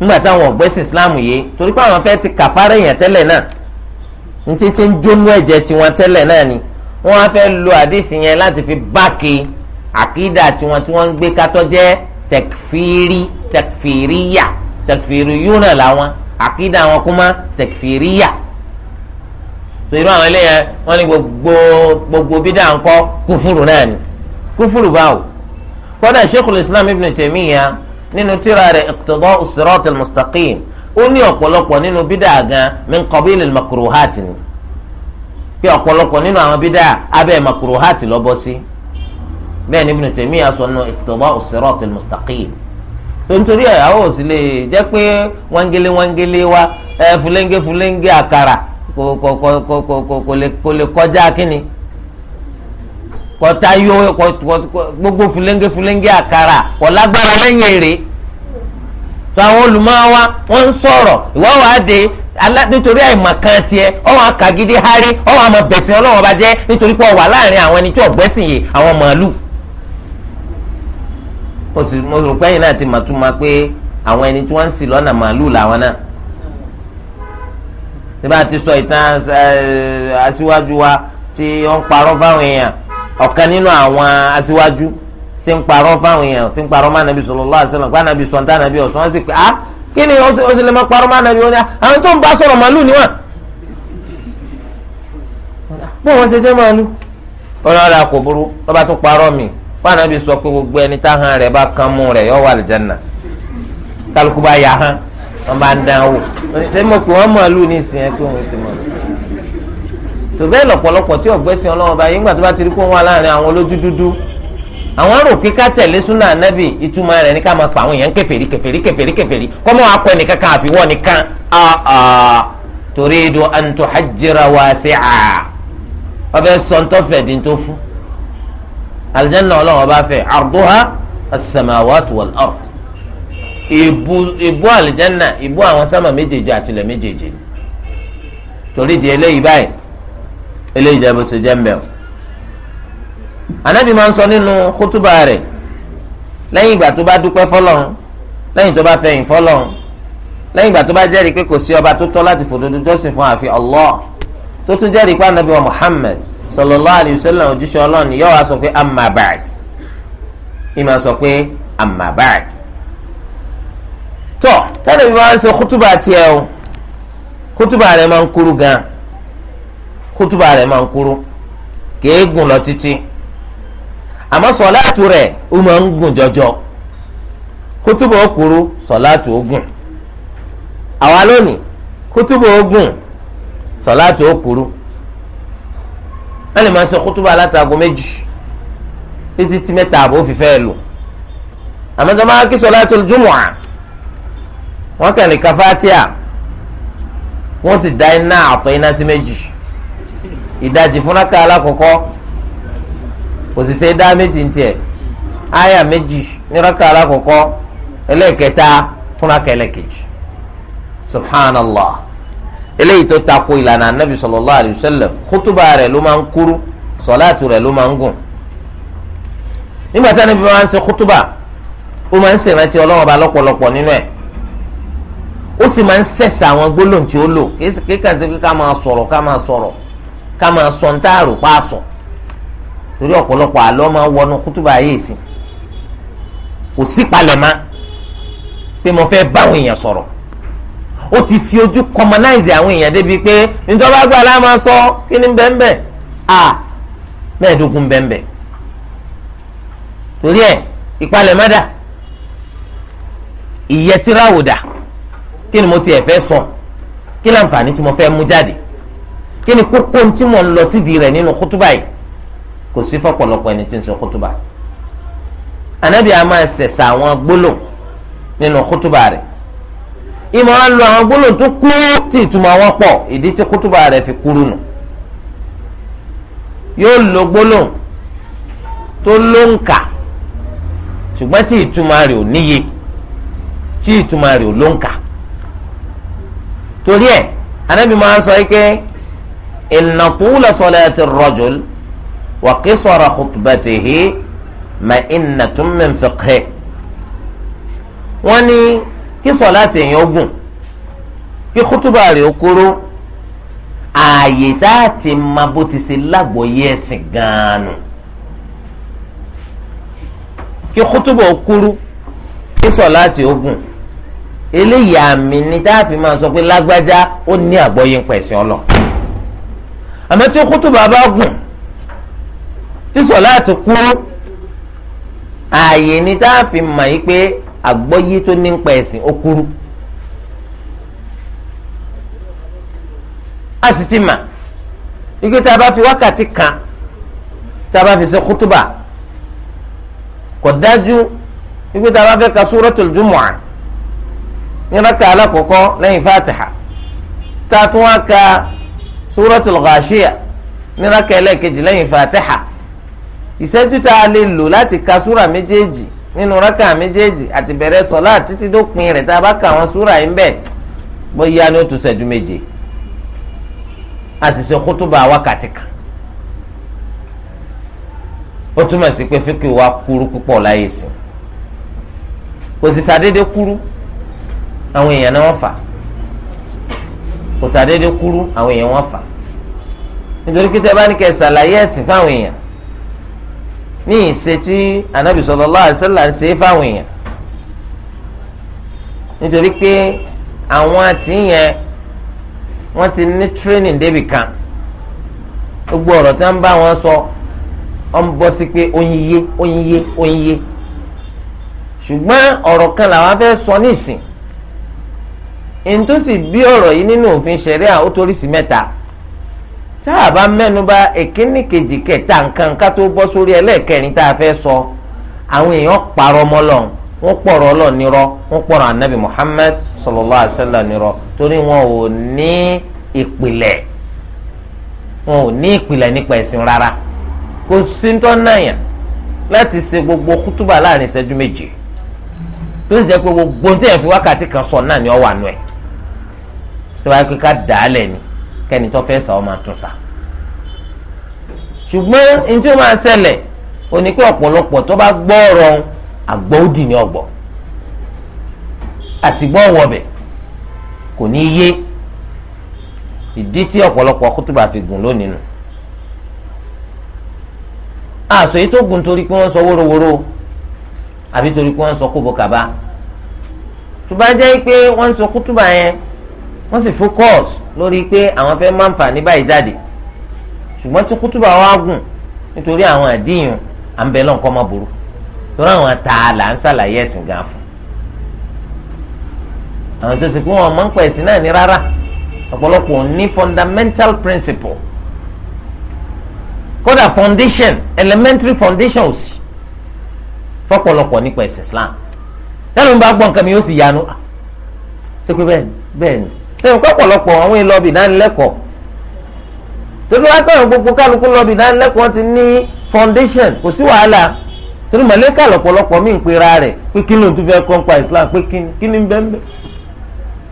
ńgbà táwọn ọ̀gbẹ́sìn islam yìí torí pé àwọn fẹ́ ti kàfárẹ̀ yẹn tẹ́lẹ̀ náà ní títí ń jónú ẹ̀jẹ̀ tiwọn tẹ́lẹ̀ náà ni wọ́n á fẹ́ lo àdìsí yẹn láti fi báàkì àkídà tiwọn tí wọ́n ń gbé kátó jẹ́ tẹkfìrí tẹkfìríyà tẹkfìríyúnà làwọn àkídà àwọn kúmá tẹkfìríyà so irú àwọn eléyẹn wọn ní gbogbo gbogbo bídà ńkọ́ kúfúrú náà ni kúfúrú báwo kódà sheikhul islam ibn taymiya nínú tírà rẹ̀ iqtida'u sirat al-mustaqim ó ní ọ̀pọ̀lọpọ̀ nínú bídà gan min qabil al-makruhat ni pé ọ̀pọ̀lọpọ̀ nínú àwọn bídà abẹ́ makruhat lọ́bọ́ sí. Si bẹ́ẹ̀ ni Ibn Taymiyyah sọ nù iqtida'u siratil mustaqim tó nítorí ẹ̀ àwọn ò sì lè jẹ́ pé wángélé wángélé wa ẹ̀ fúlẹ́ńgé fúlẹ́ńgé àkàrà kò lè kọjá kínni kọta yó gbogbo fúlẹ́ńgé fúlẹ́ńgé àkàrà kò lágbára lẹ́yìn èrè tó àwọn olùmọ́wá wọ́n ń sọ̀rọ̀ ìwọ́wàdé nítorí àìmọ̀ kan tiẹ̀ ọwọ́ akagídé hárí ọwọ́ àmọ̀ bẹ̀sìn ọlọ́wọ́ bá jẹ́ nítorí pé ó wà àwọn ẹni tí ọ̀gbẹ́sìn yìí àwọn màálù ó sì mo rò pé ẹ̀yin náà ti mà tún ma pé àwọn ẹni tí wọ́n ń sì lọ́nà màálù làwọn náà síbá ti sọ ìtàn eh, aṣíwájú wa tí ó ń parọ́ fáwọn èèyàn ọ̀kan nínú àwọn aṣíwájú tí ń parọ́ fáwọn èèyàn tí ń parọ́ má nàbí sallallahu alaihi wasallam nàbí sọ̀ntà nàbí ọ̀sán wọ́n sì pé ah kí ni ó sì lè má parọ́ má nàbí ọ̀nà àwọn tó ń bá sọ̀rọ̀ màálù níwọ̀n bó wọn ṣe jẹ́ màálù ọlọ́dà kò burú lọ́ba tó parọ́ mi pàànàbí sọ pé gbogbo ẹni táhàn rẹ̀ bá kán mú rẹ̀ yọ wà lìjánà kálukú bá yà hán wọn bá ń dán wò ṣé mo pè wọn màálù ní ìsìn ẹ pé òun sì màálù. sòbẹ́ lọ̀pọ̀lọpọ̀ tí ọ̀gbẹ́sìn ọlọ́run bá yín gbà tó bá ti rí kó wọn láàrin àwọn olójú dúdú àwọn rò pé ká tẹ̀lé súnà ànábì ìtumọ̀ rẹ̀ ní ká máa pa àwọn èèyàn kèfèrí kèfèrí kèfèrí kèfèrí kọ́ mọ́ akọ ẹnìkan kan àfiwọ́ nìkan turidu an tuhajjira wasi'a ọbẹ̀ sọ̀ntọ́fẹ̀dì tó fún aljanna ọlọ́run ọba fẹ̀ arduha as-samawati wal ard ìbú ìbú aljanna ìbú àwọn sámà méjèèjì àtìlẹ̀ méjèèjì torí di eléyìí báyìí eléyìí jẹ́ bó ṣe jẹ́ mbẹ́ o anabi máa ń sọ nínú kútúbà rẹ̀ lẹ́yìn ìgbà tó bá dúpẹ́ fọlọ́run lẹ́yìn tó bá fẹ̀yìn fọlọ́run lẹ́yìn ìgbà tó bá jẹ́rìí pé kò sí ọba tó tọ́ láti fòdodo jọ́sìn fún àfi Allah tó tún jẹ́rìí pé anabi wa Muhammad sallallahu alayhi wa sallam ojúṣe ọlọ́run yóò wá sọ pé amma ba'd ìmọ̀ sọ pé amma ba'd tọ́ tẹ́lẹ̀ bí wọ́n á ṣe kútùbà tiẹ̀ o kútùbà rẹ̀ máa ń kúrú gan kútùbà rẹ̀ máa ń kúrú kìí gùn lọ títí àmọ́ sọ̀láàtù rẹ̀ ó máa ń gùn jọjọ kútùbà ó kúrú sọ̀láàtù ó gùn àwa lónìí kútùbà ó gùn sọ̀láàtù ó kúrú wọ́n lè máa ṣe kútúbà alátago méjì títí tí mẹ́ta àbò fi fẹ́ lò àmọ́ tó máa kí sọlátul jumu'a wọ́n kàn lè ka fatia wọ́n sì da iná àtọ̀ iná sí méjì ìdajì fúnákà alákọ̀ọ́kọ́ òṣìṣẹ́ dá méjì ń tiẹ̀ àyà méjì níraka alákọ̀ọ́kọ́ ẹlẹ́ẹ̀kẹta fúnákà ẹlẹ́ẹ̀kejì subhanallah eléyìí tó tako ìlànà anabi sallallahu alayhi wa sallam kútùbà rẹ̀ ló máa ń kúrú sọláàtù rẹ̀ ló máa ń gùn nígbà tí anabi máa ń ṣe kútùbà ó máa ń ṣèrántí ọlọ́wọ́ba lọ́pọ̀lọpọ̀ nínú ẹ̀ ó sì máa ń sẹ̀sẹ̀ àwọn gbólóhùn tí ó lò kíkà sí ká máa sọ̀rọ̀ ká máa sọ̀rọ̀ ká máa sọ ní táàrò páàsọ̀ torí ọ̀pọ̀lọpọ̀ àlọ́ máa wọnú kútùbà ayé ìsìn kò sí palẹ̀mọ́ pé mo fẹ́ báwọn èèyàn sọ̀rọ̀ ó ti fi ojú commonize àwọn èèyàn débi pé níjọba gba aláma sọ kí ni bẹ́ẹ̀nbẹ́ẹ̀ a mẹ́ẹ̀ẹ́dógún bẹ́ẹ̀nbẹ́ẹ̀ torí ẹ̀ ìpalẹ̀ mẹ́dà ìyẹtiráwòdà kí ni mo tiẹ̀ fẹ́ sọ kí ni àǹfààní tí mo fẹ́ mú jáde kí ni kókó tí mo ń lọ sídìí rẹ̀ nínú kútúbà yìí kò sí fọ́pọ̀lọpọ̀ ẹni tí ń sọ kútúbà anabi a máa ṣẹ̀ṣà àwọn gbólóhùn nínú kútúbà rẹ̀ ìmọ̀ á lo àwọn gbólóhùn tó kú tí ìtumọ̀ wọn pọ̀ ìdí tí kútùbà rẹ̀ fi kúrú nù yóò lo gbólóhùn tó lóǹkà ṣùgbọ́n tí ìtumọ̀ rẹ̀ ò níye tí ìtumọ̀ rẹ̀ ò lóǹkà torí ẹ̀ anábì máa ń sọ yìí pé inna tula salati ar-rajul wa qisara khutbatihi ma'innatun min fiqhi wọ́n ní kí sọlá ti yàn gùn kí kútúbà rẹ̀ ó kúrú ààyè tá a ti ma bó ti ṣe lágbóyè ẹ̀sìn gan-an nù kí kútúbà ó kúrú kí sọlá ti ó gùn eléyìí àmì ni tá a fi máa sọ pé lágbájá ó ní àgbọ́yé pẹ̀sìn ọlọ àmọ́ tí kútúbà bá gùn tí sọlá ti kúrú ààyè ni tá a fi mọ̀ yí pé àgbọ́yé tó ní ń pa ẹ̀sìn ó kúrú. a sì ti mà ike tá a bá fi wákàtí kan tá a bá fi ṣe kútùbà kò dájú ike tá a bá fẹ́ ka suratul jumu'ah ní rákà alákọ̀ọ́kọ́ lẹ́yìn fatiha tá a tún wá ka suratul ghashiyah ní rákà ẹlẹ́ẹ̀kejì lẹ́yìn fatiha ìṣẹ́jú tá a lè lò láti ka súra méjèèjì nínú rákà méjèèjì àti bẹ̀rẹ̀ sọ̀lá títí dópin rẹ̀ tá a bá kà wọ́n súrà yín bẹ́ẹ̀ bóyá ni ó tún ṣẹ́jú méje a sì ṣe kútúbà wákàtí kan ó túmọ̀ sí pé fíkì wa kúrú púpọ̀ láyé sí kò sì ṣàdédé kúrú àwọn èèyàn náà wọ́n fà kò ṣàdédé kúrú àwọn èèyàn wọ́n fà nítorí pé tẹ́ bá ní kẹ́ ṣàlàyé ẹ̀sìn fáwọn èèyàn ní ìṣe tí anabi sallallahu alaihi wasallam ń ṣe fáwọn èèyàn nítorí pé àwọn àtìyẹn wọ́n ti ní training débì kan gbogbo ọ̀rọ̀ tí wọ́n bá wọn sọ ọ ń bọ́ sí pé oyin yé oyin yé oyin yé ṣùgbọ́n ọ̀rọ̀ kan làwọn fẹ́ sọ nísìn ìntòsí bí ọ̀rọ̀ yìí nínú òfin ṣẹ̀ríà ó torí sí mẹ́ta tá a bá mẹ́nuba èkíní kejì kẹta nǹkan ká tó bọ́ sórí ẹlẹ́ẹ̀kẹrin tá a fẹ́ sọ àwọn èèyàn parọ́ mọ́ Ọlọ́run wọ́n pọ̀rọ̀ Ọlọ́run nírọ́ wọ́n pọ̀rọ̀ anabi Muhammad sallallahu alaihi wasallam nírọ́ torí wọn ò ní ìpìlẹ̀ wọn ò ní ìpìlẹ̀ nípa ẹ̀sìn rárá kò sí ń tọ́ náyà láti ṣe gbogbo kútùbà láàrin ìṣẹ́jú méje tó sì jẹ́ pé gbogbo ohun tí ẹ̀ fi wákàtí kan sọ náà ni ọ wà nù ẹ̀ tó bá yẹ kó ká dàálẹ̀ ni kẹ́ni tó fẹ́ sọ ọ́ máa tún sa ṣùgbọ́n ní tí ó máa ṣẹlẹ̀ ó ní pé ọ̀pọ̀lọpọ̀ tó bá gbọ́ ọ̀rọ̀ àgbọ̀ òdì ní ọ̀gbọ̀ àsìgbọ́ ọ̀wọ̀bẹ̀ kò ní yé ìdí tí ọ̀pọ̀lọpọ̀ kútùbà fi gùn lónìí nù àṣọ yìí tó gùn torí pé wọ́n sọ wórówóró àbí torí pé wọ́n sọ kóbókàbá tó bá jẹ́ pé wọ́n sọ kútùbà yẹn wọ́n sì focus lórí pé àwọn fẹ́ máa ń fà ní báyìí jáde ṣùgbọ́n tí kútùbà wa gùn nítorí àwọn àdéhùn à ń bẹ lọ́nkọ́ má burú torí àwọn tààlà ń ṣàlàyé ẹ̀sìn gan fún àwọn tó sì pé wọn máa ń pa ẹ̀sìn náà ní rárá ọ̀pọ̀lọpọ̀ ní fundamental principle kódà foundation elementary foundation ò sí fọ́pọ̀lọpọ̀ nípa ẹ̀sìn Islam tẹ́lẹ̀ ń bá gbọ́ nǹkan mi yóò sì yanu ah, ṣé pé bẹ́ẹ̀ ni bẹ́ẹ̀ ni sẹ́yìn kọ́ pọ̀lọpọ̀ àwọn ìlọ́bì dánilẹ́kọ̀ọ́ torí wá kọ́yọ̀ gbogbo kálukú ti ní foundation kò sí wàhálà torí mọ̀lẹ́kà lọ̀pọ̀lọpọ̀ mí ń pera rẹ̀ pé kí ló ń tún fẹ́ Islam pé kí ni bẹ́ńbẹ́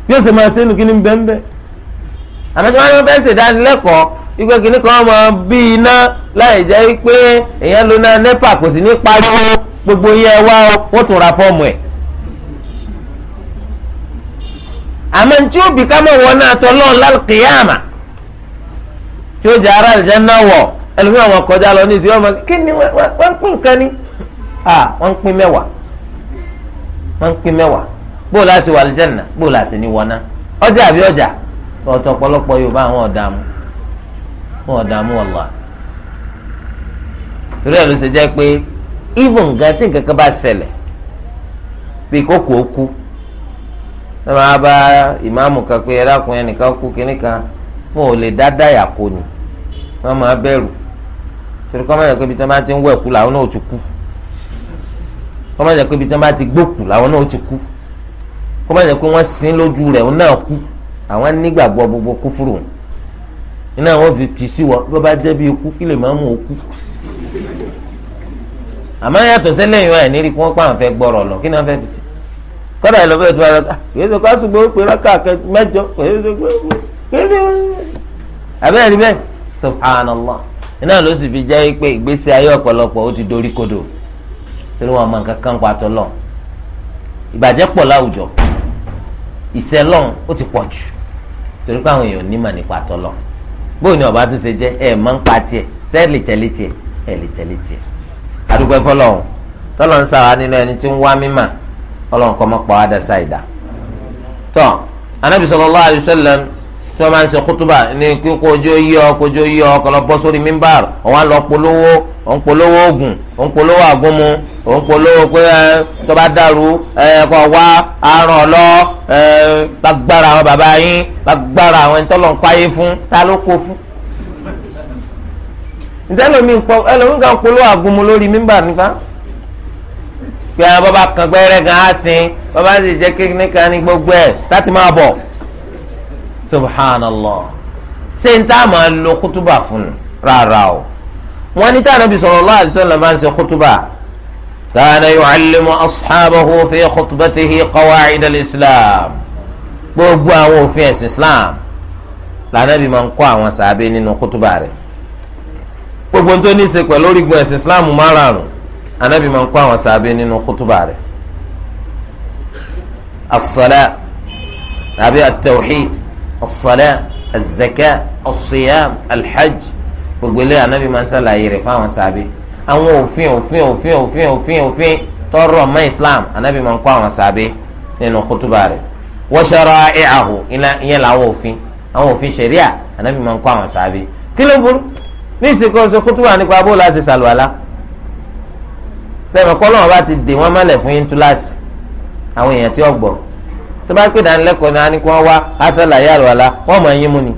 bí ó sì máa ṣe é nu kí ni bẹ́ńbẹ́ ní wọ́n fẹ́ ṣe kìíní kan mọ bí iná láì jẹ́ nepa kò ní pariwo gbogbo yẹn wá ó ra fọ́ọ̀mù àmọ́ tí ó bì ká mọ̀ wọn náà tọ́ lọ́n lálùkìyàmà tí ó jẹ́ ara àlùjáná wọ̀ ẹlòmíràn wọn kọjá lọ ní ìsìn ọmọ kí ni wọ́n ń pín nǹkan ni wọ́n ń pín mẹ́wàá wọ́n ń pín mẹ́wàá bóòlù àti wà àlùjáná bóòlù àti ní wọná ọjà àbí ọjà ọ̀tọ̀ ọ̀pọ̀lọpọ̀ Yorùbá àwọn ọ̀dààmú wọn ọ̀dààmú wàlláhì torí ẹ̀ ló ṣe jẹ́ pé even gan tí nǹkan kan bá ṣẹlẹ̀ bí kò kú wọn máa bá ìmáàmù kan pé ẹ dákun ẹnìkan kú kínní kan wọn ò lè dá dáyà kó ni wọn máa bẹ̀rù torí kọ́ máa yẹ pé ibi tí wọ́n bá ti ń wẹ̀kú làwọn náà ti kú kọ́ máa yẹ pé ibi tí wọ́n bá ti gbókù làwọn náà ti kú kọ́ máa yẹ pé wọ́n sin lójú rẹ̀ òun náà kú àwọn nígbàgbọ́ gbogbo kúfúrú iná wọn fi tì sí wọn bí wọ́n bá débi ikú kí lè máa mú òkú àmọ́ yàtọ̀ sẹ́lẹ̀ yìí wọ́n ni wọ́n fẹ́ fi sí i kọ́dà ìlọ́fẹ́ tó ara kìí ṣe kó àṣùgbọ́n ó pe rákà mẹ́jọ kìí ṣe pé kéde abẹ́rẹ́ rí bẹ́ẹ̀ subhanallah iná ló sì fi jẹ́ pé ìgbésí ayé ọ̀pọ̀lọpọ̀ ó ti dorí kodò torí wọn mọ nǹkan kan pàtó lọ ìbàjẹ́ pọ̀ láwùjọ ìṣẹ́ lọ́n ó ti pọ̀ jù torí pé àwọn èèyàn onímọ̀ nípa tọ́ lọ bóyá ni ọba tún ṣe jẹ́ ẹ̀ máa ń pa tiẹ̀ sẹ́ẹ̀ lè tẹ̀lé tiẹ̀ ẹ̀ lè tẹ̀lé tiẹ̀ adúgbò ẹ̀fọ́ lọ́hùn tọ́lọ́ ń sàwá nínú ẹni tí ń wá mímọ̀ ọlọ́run kọ́ mọ́ pa wá dasa ìdá. anabi sallallahu alayhi sallam tí wọ́n máa ń ṣe kútúbà ní kíkó ojú yí ọ kojú yí ọ kọ́ lọ bọ́ sórí mímbàr òun á lọ polówó òun polówó oògùn òun polówó àgúnmu òun polówó pé ẹ tó bá dàrú ẹ kọ́ wá aràn ọlọ́ ẹ lágbára àwọn bàbá yín lágbára àwọn ẹni tọ́lọ̀ ń páyé fún ta ló kó fún. ǹjẹ́ ẹlòmíì ń pọ ẹlòmíì kan polówó àgúnmu lórí mímbàr nípa pé àwọn bàbá kan gbẹ́rẹ́ gan á sin bàbá sì jẹ́ kékeré kan ní gbogbo ẹ̀ sátì máa bọ̀ subhanallah ṣé n tá a máa lo kútúbà fún rárá o wọ́n ní táwọn Ànábì sallallahu alaihi wasallam máa ń ṣe kútúbà kana yu'allimu ashabahu fi khutbatihi qawa'id al-islam gbogbo àwọn òfin ẹ̀sìn islam lànàbí máa ń kọ́ àwọn sàábé nínú kútúbà rẹ̀ gbogbo tó ní í ṣe pẹ̀lú orígun ẹ̀sìn islam márùn-ún anabi máa ń kó àwọn sábẹ́ nínú kútúbà rẹ̀ asọ́lá tàbí atawhid asọ́lá azaka asiyam alhaj gbogbo ilé anabi máa ń sàlàyé rẹ̀ fáwọn sábẹ́ àwọn òfin òfin òfin òfin òfin òfin tọrọ ọmọ islam anabi máa ń kó àwọn sábẹ́ nínú kútúbà rẹ̀ wa shara'i'ahu ìyẹn làwọn òfin àwọn òfin ṣẹ̀ríà anabi máa ń kó àwọn sábẹ́ kí ní ìsìnkú ọ̀sẹ̀ kútúbà nípa abóòlà ṣe sàlùwàlá sẹ́wọ̀n kọ́ lọ́wọ́ bá ti dè wọ́n mọ́lẹ̀ fún yín túláàsì àwọn èèyàn tí ó gbọ́ tó bá pè dánilẹ́kọ̀ọ́ ni a ní kí wọ́n wá asàlàyé àlùwàlà wọ́n mọ̀ ẹyin mú ni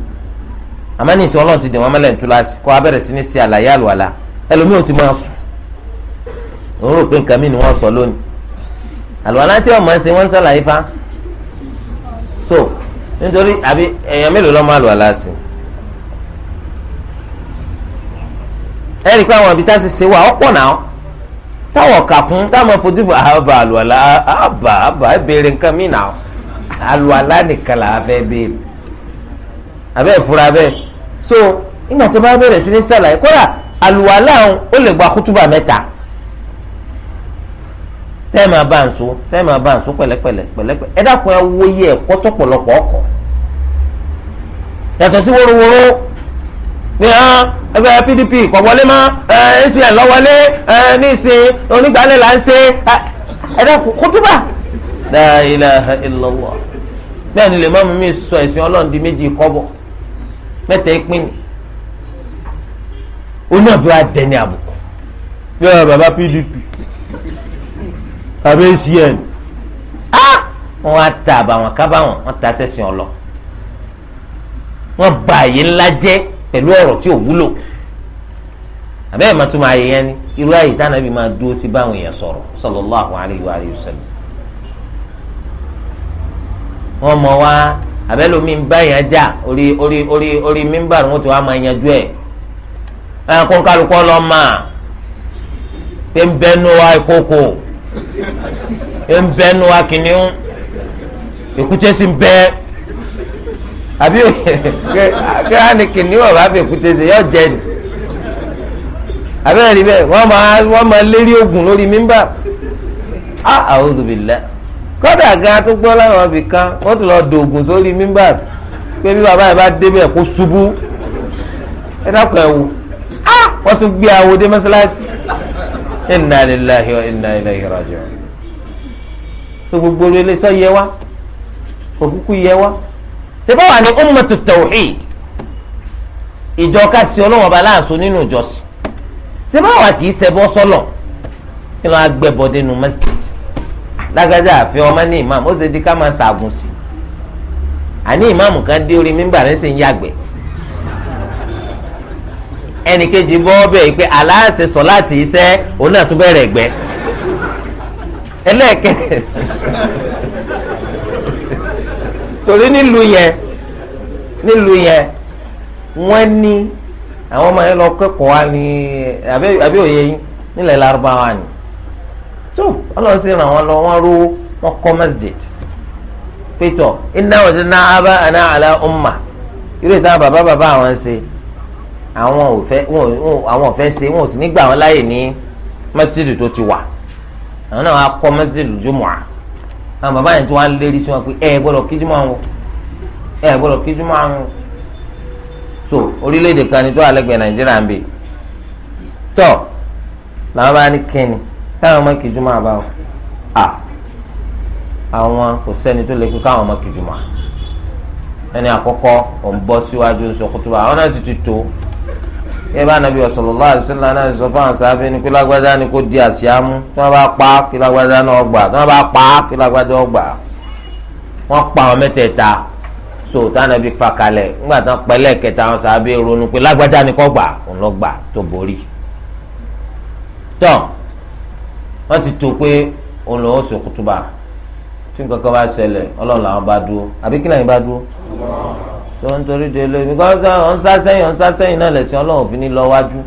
àmọ́ ní ìsìn ọlọ́run ti dè wọ́n mọ́lẹ̀ túláàsì kọ́ abẹ́rẹ́ sí ní sí àlàyé àlùwàlà ẹlòmíì ò ti máa sùn òun rò pé nǹkan míì ni wọ́n sọ lónìí àlùwàlà tí ọmọ ẹsẹ̀ wọ́n so nítorí àbí èèyàn mélòó lọ́mọ àlùwàlà sí ẹ̀rí pé àwọn ibi tá a ṣe ṣe wà ọ̀pọ̀ náà táwọn kà kún táwọn fojú fún àbà àlùwàlà àbà àbà ìbéèrè nǹkan mí nà àlùwàlà nìkan là á fẹ́ béèrè àbẹ́ ìfura bẹ́ẹ̀ so ìgbà tó bá bẹ̀rẹ̀ sí ní sàlàyé kódà àlùwàlà ó lè gba kútùbà mẹ́ta tẹ́ẹ̀mà bá ń so tẹ́ẹ̀mà bá ń so pẹ̀lẹ́pẹ̀lẹ́ pẹ̀lẹ́pẹ̀lẹ́ ẹ dákun ní hàn ẹgbẹ́ PDP kò wọlé mọ́ ẹ ncn lọ wọlé ẹ nísìn onígbàlẹ̀ là ń ṣe ẹ dákun kútúbà. la ilaha illallah bẹ́ẹ̀ ni lè mọ́ mi mi sọ ẹ̀sìn ọlọ́run di méjì kọ́bọ̀ mẹ́tẹ̀ ẹ pín ní onáfi wa dẹni àbùkù. bí ọ bàbá PDP àbẹ ncn wọn á ta àbàwọn kábàwọn wọn ta sẹ́sìn ọlọ wọn bà àyè ńlá jẹ́ pẹ̀lú ọ̀rọ̀ tí ò wúlò àbẹ́ẹ̀ máa tún máa yẹ yẹn ni irú àyè tánàbí máa dúró sí báwọn èèyàn sọ̀rọ̀ sallallahu alayhi wa alihi wa sallam wọ́n mọ̀ wá àbẹ́lómi ń bá yẹn já orí orí orí orí mímbà ni wọ́n ti wá máa yanjú ẹ̀ ẹ̀ kó kálukú lọ́ọ́ pé ń bẹ́nu wa ìkókò ń bẹ́nu wa kìnìún èkúté ń bẹ́ẹ́ àbí kíra ni kìnìún ọba fèkúté ṣe yọ jẹ ni àbẹ́rẹ́ rí bẹ́ẹ̀ wọ́n máa wọ́n máa lérí oògùn lórí mímbà á a'udhu billah kọ́dà gan tó gbọ́ láwọn ibì kan wọ́n ti lọ dògùn sórí mímbà pé bí bàbá yẹn bá débẹ̀ kó ṣubú ẹ dákun ẹ̀ wò á wọ́n tún gbé awo dé mọ́ṣáláṣí inna lillahi wa inna ilayhi raji'un gbogbo ilé sọ yẹ wa òkúkú yẹ wa. ṣebí wà ní ummatu tawhid ìjọ sí ọlọ́wọ́n ọba láàṣọ nínú ìjọsìn ṣebí wà kì í ṣẹbọ sọlọ kí ló á masjid lágbájá àfi ọmọ ní imam ó ṣe di ká máa ṣàgùn sí imam kan dé orí mímbà rẹ̀ ṣe ń yàgbẹ́ ẹnìkejì bọ́ bẹ́ẹ̀ pé aláàṣẹ sọ láti iṣẹ́ òun torí nílùú yẹn nílùú yẹn wọ́n ní àwọn ọmọ yẹn lọ kẹ́kọ̀ọ́ wa ní àbí òye yín nílẹ̀ ni tó Ọlọ́run sì ràn wọ́n lọ wọn ró masjid pétọ iná wọ́n ti ná abá àná àlá irú ìta bàbá bàbá àwọn ṣe àwọn ò wọn ò sì ní gbà àwọn bàbá yẹn tí wọ́n á lérí sí wọn pé ẹ gbọ́dọ̀ kíjú máa wọn ẹ gbọ́dọ̀ kíjú máa wọn so orílẹ̀-èdè kan ni tó àlẹ́gbẹ̀ẹ́ nàìjíríà ń bè tọ́ làwọn bá ní kẹ́ni káwọn ọmọ kíjú máa bá wọn à àwọn kò sẹ́ni tó lè pé káwọn ọmọ kíjú máa ẹni àkọ́kọ́ òun bọ́ síwájú ń sọ kótó àwọn náà sì ti tó ẹ bá nàbí sallallahu alaihi wasallam náà sọ fún àwọn sábẹ́ ni pé lágbájá ni kò di àsíá mú tí wọ́n bá pa kí lágbájá náà gbà tí wọ́n bá pa kí náà gbà wọ́n pa àwọn mẹ́tẹ̀ẹ̀ta so tánàbí fakalẹ̀ ńgbà tán pẹ́lẹ́ kẹta àwọn sábẹ́ ronú pé lágbájá ni kò gbà òun lọ gbà tó borí tán wọ́n ti tó pé òun lọ́wọ́ sòkútùbà tí nǹkan kan bá ṣẹlẹ̀ ọlọ́run làwọn bá dúró àbí kí bá dúró so nítorí de lóyún because ọ̀n uh, sá sẹ́yìn ọ̀n sá sẹ́yìn náà lẹ̀sìn ọlọ́run fi ní lọ wájú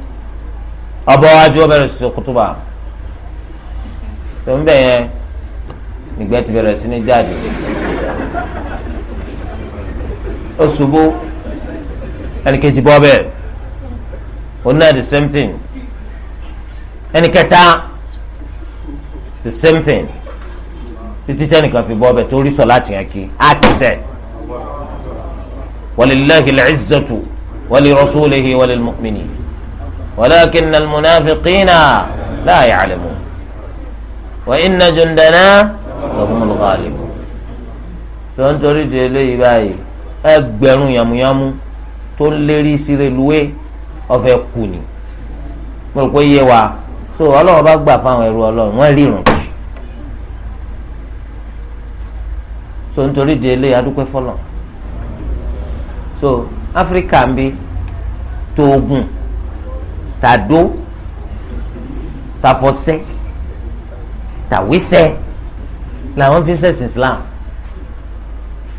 ọbọ̀ wájú ó bẹ̀rẹ̀ sí kútúbà tó ń bẹ̀ yẹn ìgbẹ́ ti bẹ̀rẹ̀ sí ní jáde ó ṣubú ẹnìkejì bọ́ bẹ́ẹ̀ ó náà the same thing ẹnìkẹta the same thing títí tẹnìkan fi bọ́ bẹ́ẹ̀ torí sọ láti yẹn kí á kìí sẹ́ẹ̀ walilahi lɛɛzatu wali rasulihi wali mukmini walakin na munafiqina laa yaclamu wa ina jundana lahumul ghalibu tó ń torí di eléyìí báyìí ẹgbẹ̀rún yàmùyàmù tó ń lérí síreluwé ọ̀fẹ́ kù ni mo rò pé yé wa so ọlọ́run bá gbà fáwọn ẹrú ọlọ́run wọ́n rírun so nítorí di eléyìí adúpẹ́ fọlọ́run so Africa ń bí tóògùn tàdó tàfọ̀sẹ́ tàwísẹ́ làwọn fi ṣẹ̀sìn islam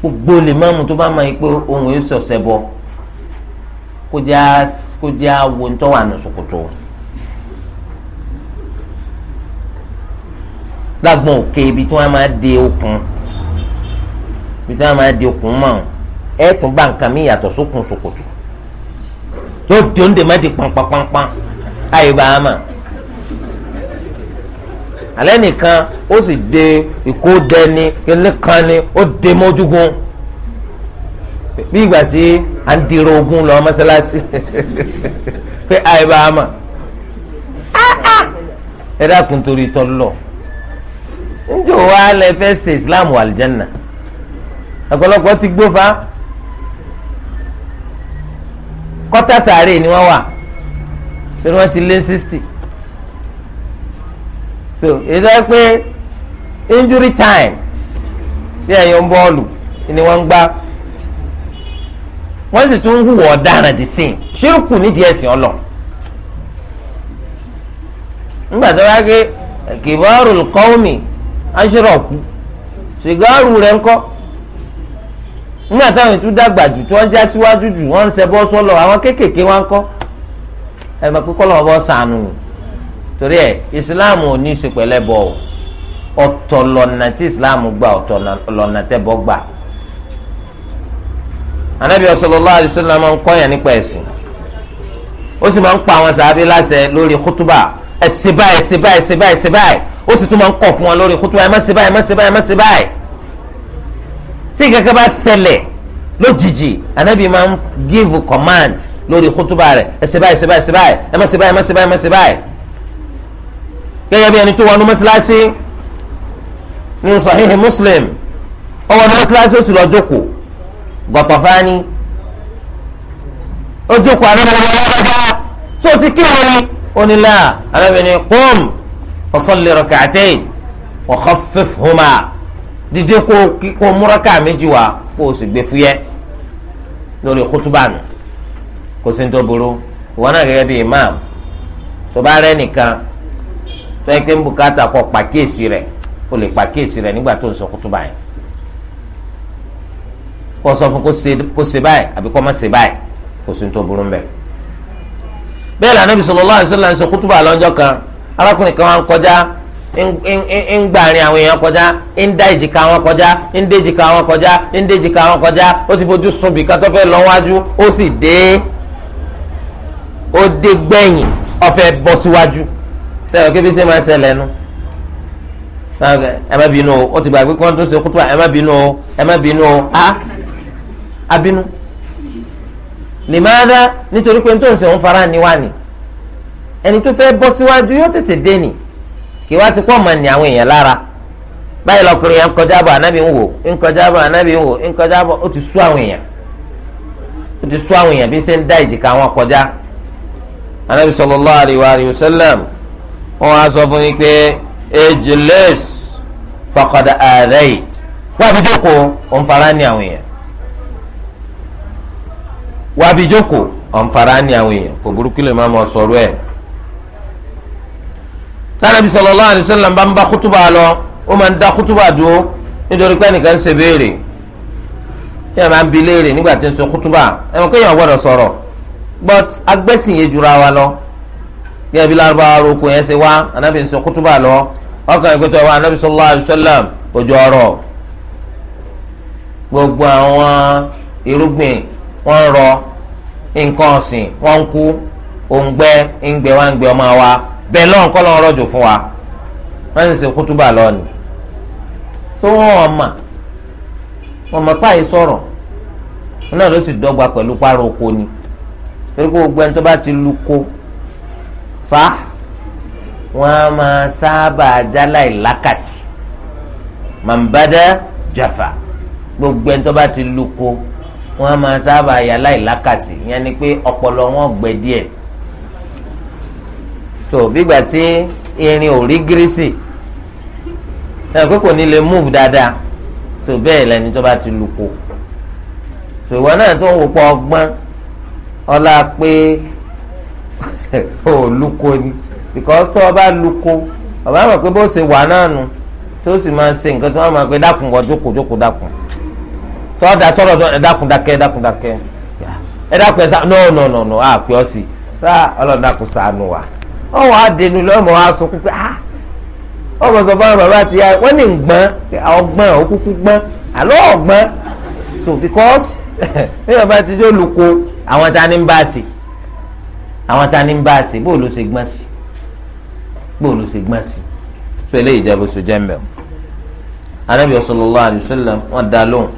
gbogbo lè máàmù tó bá máa yí pé ohun yìí sọ̀sẹ̀ bọ̀ kó jẹ́ àwo ń tọ́wọ́ àná ṣòkòtò. lágbọn òkè ibi tí wọn máa de okùn ibi tí wọn máa de okùn mọ ẹ tún gba nǹkan mi yàtọ̀ sókun ṣòkòtò yóò di oúnjẹ má di pọnpọnpọnpọn àyè bá a mà alẹ́ nìkan ó sì de ìkó dẹni kíní kan ni ó de mọ́júgun bí ìgbà tí à ń dirò ogun lọ mọ́sálásí pé àyè bá a mà ẹ dákun torí tọ́ lọ njẹ́ wàá lẹ fẹ́ ṣe Islam wà lìjẹ́ nà ọ̀pọ̀lọpọ̀ ti gbófa kọ́tà sàárè ni wọ́n wà pé wọ́n ti lé sixty so èyí tó yẹ pé injury time bí ẹ̀yọ́ ń bọ́ọ̀lù ni wọ́n ń gbá wọ́n sì tún ń hùwà ọ̀daràn dì sí ṣírùkù nídìí ẹ̀sìn ọlọ. nígbà tó bá gé kìbọ́ọ̀rù kọ́ọ̀mì aṣọ́rọ̀kù ṣìgáàrù rẹ̀ ń kọ́ nígbà táwọn ètò dàgbà jù tí wọ́n já síwájú jù wọ́n ń ṣẹbọ sọ́lọ̀ àwọn kéékèèké wọn kọ́ ẹ mọ̀ pé kọ́lọ́ ọbọ̀ sànù torí ẹ ìsìláàmù ò ní í ṣe pẹ̀lẹ́ bọ̀ ọ́ ọ̀tọ̀ lọ́nà tí ìsìláàmù gbà ọ̀tọ̀ lọ́nà tẹ́ bọ́ gbà. anábì sallallahu alaihi wasallam máa ń kọ́yàn nípa ẹ̀sìn ó sì máa ń pa àwọn sàábí láṣẹ lórí kútúbà ẹ ṣe báyìí ẹ ṣe báyìí ẹ ṣe báyìí ó sì tún máa ń kọ̀ fún wọn lórí kútúbà ẹ má ṣe báyìí ẹ má ṣe báyìí ẹ má ṣe báyìí tí kankan bá ṣẹlẹ̀ lójijì anabi máa ń give command lórí kútúbà rẹ̀ ẹ ṣe báyìí ṣe báyìí ṣe báyìí ẹ má ṣe báyìí ẹ má ṣe báyìí ẹ má ṣe báyìí. gẹ́gẹ́ bí ẹni tó wọnú mọ́ṣáláṣí nínú sọ̀híhì muslim ó wọnú mọ́ṣáláṣí ó sì lọ jókòó gọ̀tọ̀fání ó jókòó anáwó ọlọ́dọ́dá tó ti kí wọn ni onílà anábìnrin qum fasalli rak'atayn wa khaffifhuma dìde kó kó múraka méjì wá kó o sì gbé fúyẹ́ lórí kútúbà mi kò sí ní tó burú ìwọ náà gẹ́gẹ́ bí imam tó bá rẹ́ nìkan tó yẹ pé ń bùkátà kó pàkíyèsí rẹ̀ o lè pàkíyèsí rẹ̀ nígbà tó ń sọ kútúbà yẹn kó sọ fún kó ṣe báyìí àbí kó má ṣe báyìí kò sí ní tó burú mbẹ. bẹ́ẹ̀ ni Ànábì sallallahu alaihi wasallam ń sọ kútúbà lọ́jọ́ kan arákùnrin kan wá ń kọjá ń gbàrin àwọn èèyàn kọjá ń dá ìjìká wọn kọjá ń dé ìjìká wọn kọjá ń dé ìjìká wọn kọjá ó ti fojú sun bìkan tó fẹ́ lọ wájú ó sì dé ó dé gbẹ̀yìn ó bọ́ síwájú tẹ́lẹ̀ kébí ṣe máa ń ṣẹlẹ̀ nu ẹ má bínú o ó ti gbàgbé kí wọ́n tún ṣe kútùbà ẹ má bínú o ẹ má bínú o a abínú lèmọ́dá nítorí pé n tó ń ṣe fara ni wá ni ẹni tó fẹ́ bọ́ síwájú yóò tètè dé ni. kì wá sí pọ́ mọ̀ ní àwọn èèyàn lára báyìí lọkùnrin yẹn ń kọjá bọ̀ ń wò ń kọjá bọ̀ ànábì ń wò ń kọjá bọ̀ ó ti sallallahu wọn sọ fún yín pé ejìlẹ́s faqad àrẹ́yìd wà bí jókòó òun ní àwọn èèyàn wà bí jókòó ní àwọn tánàbí sallallahu alaihi wasallam bá ń bá kútùbà lọ ó máa ń dá kútùbà dúró nítorí pé ẹnìkan ń ṣe béèrè tí a máa ń bi léèrè nígbà tí ń sọ kútùbà ẹ̀wọ̀n kéèyàn gbọ́dọ̀ sọ̀rọ̀ but agbẹ́sìn yẹn jura wa lọ gẹ́gẹ́ bí lárúbáwá roko yẹn ṣe wá anábì ń sọ kútùbà lọ ọkàn ìgbésọ̀ wa anábì sallallahu alaihi wasallam ojú ọ̀rọ̀ gbogbo àwọn irúgbìn wọ́n rọ nǹkan ọ̀sìn wọ́n kú òǹgbẹ ń gbẹ ń gbẹ ọmọ wa bẹ́ẹ̀ lọ́n kọ́ lọ́n rọ́jò fún wa wọ́n ń ṣe kútúbà lọ́ọ̀nì tó wọ́n mà wọ́n mọ̀ páyì sọ̀rọ̀ wọn náà ló sì dọ́gba pẹ̀lú párọ̀ oko ni torí pé gbogbo ẹni tó bá ti lu ko fa wọn a máa sábà jálá ìlákàsí màmbádá jàfà gbogbo ẹni tó bá ti lu ko wọn a máa sábà yálà ìlákàsí ìyẹn ni pé ọpọlọ wọn gbẹ díẹ̀ so gbígbà tí irin ò rí gírísì ẹ pé kò ní move dáadáa so bẹ́ẹ̀ lẹni tó bá ti so ìwọ náà tó ń wò pọ̀ ọgbọ́n ọlá pé ni because tó o bá ọba mọ̀ pé bó ṣe wà náà nu tó sì máa ṣe nǹkan tí wọ́n máa dákun jókòó jókòó dákun tó o da sọ̀rọ̀ tó ẹ dákun dákẹ́ dákun dákẹ́ no no no no àpè ọwọ́ àdénú lọ́mọ wa sọ pé ah ọmọ sọ fún bàbá àti ìyá wọ́n ní gbọ́n ọgbọ́n òkúkú gbọ́n àlọ́ ọgbọ́n so because bí bàbá ti ṣe olùkọ́ àwọn ta ni ń bá a sí àwọn ta ni ń bá a sí bó ló ṣe gbọ́n sí bó ló ṣe gbọ́n sí so eléyìí jẹ́ bó ṣe jẹ́ mbẹ́ anabi sallallahu alayhi wa sallam wọ́n dá lóhùn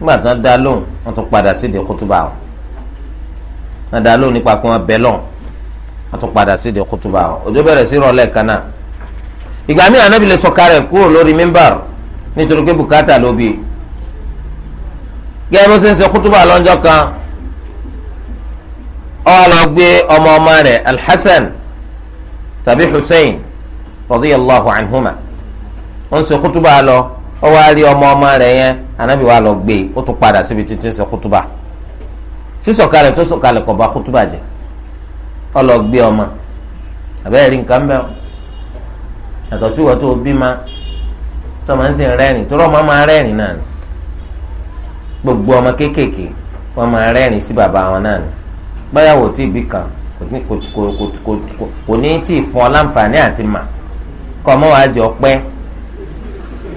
nígbà tí wọ́n dá lóhùn wọ́n tún padà sí ìdí kútúbà wọ́n dá lóhùn nípa pé wọ́n bẹ́ lọ́hùn a tún padà sí di kútúbà òjò bẹ̀rẹ̀ sí rọlẹ̀ kan náà ìgbà míì anábì lè sọ̀kalẹ̀ kúrò lórí mímbàr nítorí pé bùkátà ló bí gẹ́gẹ́ bó ṣe ń ṣe kútúbà lọ́jọ́ kan ó lọ gbé ọmọ ọmọ rẹ̀ alhassan tàbí hussein radiyallahu anhuma ó ń ṣe kútúbà lọ ó wá rí ọmọ ọmọ rẹ̀ yẹn anábì wá lọ gbé ó tún padà síbi títí ṣe kútúbà sísọ̀kalẹ̀ tó sọ̀kalẹ̀ kò bà kútúbà jẹ́ ọlọgbẹ ọmọ àbẹ́rẹ́ rí nǹkan bẹ́ẹ̀ yàtọ̀ sí wọ́n tó bí ma tọ́mọ ń sìn rẹ́rìn tó rọ́ọ̀mọ́ máa rẹ́rìn náà ni gbogbo ọmọ kéékèèké wọ́n máa rẹ́rìn sí bàbá wọn náà ni báyàwó tí ìbí kan kò ní tí ì fún ọ láǹfààní àti mà kọ́ ọmọ wàá jẹ ọpẹ́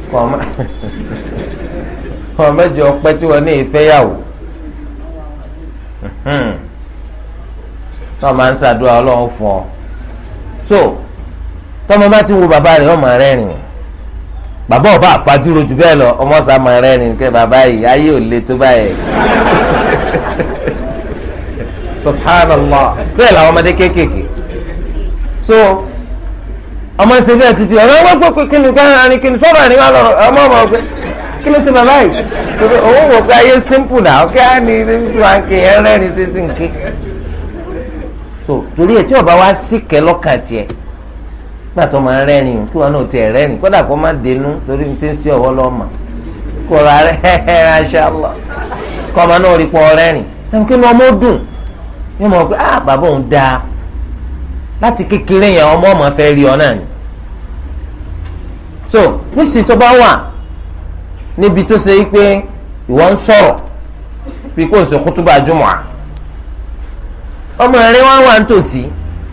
kọ́ ọmọ jẹ ọpẹ́ tí wọ́n ní ìfẹ́yàwó. tó máa ń ṣàdúrà ọlọ́run fún ọ so tọ́mọ bá ti wo bàbá rẹ̀ ọmọ rẹ́rìn bàbá ọba àfajúro jù bẹ́ẹ̀ lọ ọmọ sá máa rẹ́rìn kẹ́ bàbá yìí ayé ò le tó báyìí subhanallah bẹ́ẹ̀ làwọn ọmọdé so ọmọ ṣe ọ̀rọ̀ gbọ́ pé kí ni ká ni kí ni ni ọmọ ọmọ ọgbẹ́ kí simple náà ọ̀kẹ́ á ní so torí ẹ̀ tí ọba wa síkẹ́ lọ́kàn tiẹ̀ nígbà tó máa rẹ́rìn kí wọn náà tiẹ̀ rẹ́rìn kódà kó má dénú torí ní tí ń sí ọwọ́ lọ́mọ kó ra rẹ́ aṣáálá kó ọmọ náà rí pọ̀ rẹ́rìn sẹ́mi kí ni ọmọ dùn yóò mọ̀ pé ah bàbá òun dáa láti kékeré yẹn ọmọ ọmọ fẹ́ rí ọ náà ni so nísìsiyìí tó bá wà níbi tó ṣe é pé ìwọ ń sọ̀rọ̀ bí kò sí kútúbà jùmọ̀ à ọmọ rẹ wọn wà nítòsí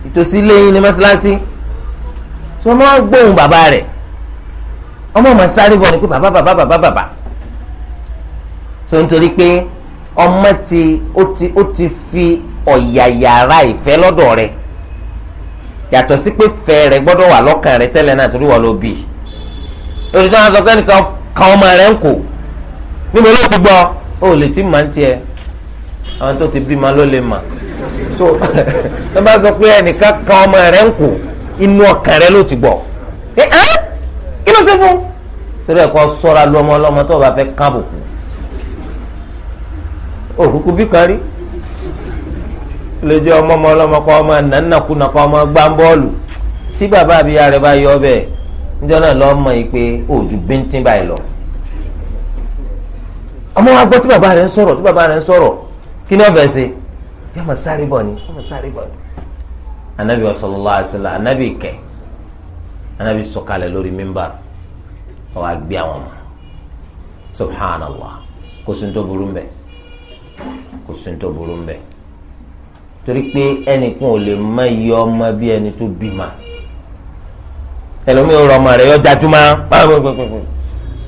ìtòsí lẹ́yìn ní mọ́ṣáláṣí tí wọ́n máa gbóhùn bàbá rẹ̀ ọmọ ọmọ sáré bọ̀ ni pé bàbá bàbá bàbá bàbá so nítorí pé ọmọ ti ó ti ó ti fi ọ̀yàyàrá ìfẹ́ lọ́dọ̀ rẹ̀ yàtọ̀ sí pé fẹ́ rẹ̀ gbọ́dọ̀ wà lọ́kàn rẹ̀ tẹ́lẹ̀ náà torí wọ́n ló bì í torí tí wọ́n sọ pé ẹnìkan kan ọmọ rẹ̀ ń kò níbo ló ti gbọ́ ó lè ti máa ń tiẹ̀ àwọn tó ti bímọ ló lè mà. so ẹ bá sọ pé ẹnìkan kan ọmọ rẹ ń kù inú ọkàn rẹ ló ti gbọ ẹ ẹ kí ló ṣe ọmọ ọlọmọ tó o bá fẹ́ kábùkù òkùnkùn bí kan lè jẹ ọmọ ọmọ ọlọmọ kọ ọmọ nànàkúnà kọ ọmọ gbá tí bàbá àbíyá rẹ bá yọ náà lọ pé bíntín báyìí lọ ọmọ wa tí bàbá rẹ ń tí bàbá rẹ ń yọ ọmọ sáré bọ̀ ni ọmọ sáré bọ̀ ni. anabi sallallahu alaihi wasallam anabi kẹ anabi sọ̀kalẹ̀ lórí mímbà ó wá gbé àwọn ọmọ subhanallah kò sí tó burú mbẹ kò sí tó burú mbẹ torí pé ẹnìkan ò lè má yí ọmọ bí ẹni tó bímọ ẹlòmíràn ọmọ rẹ yọ jajúmọ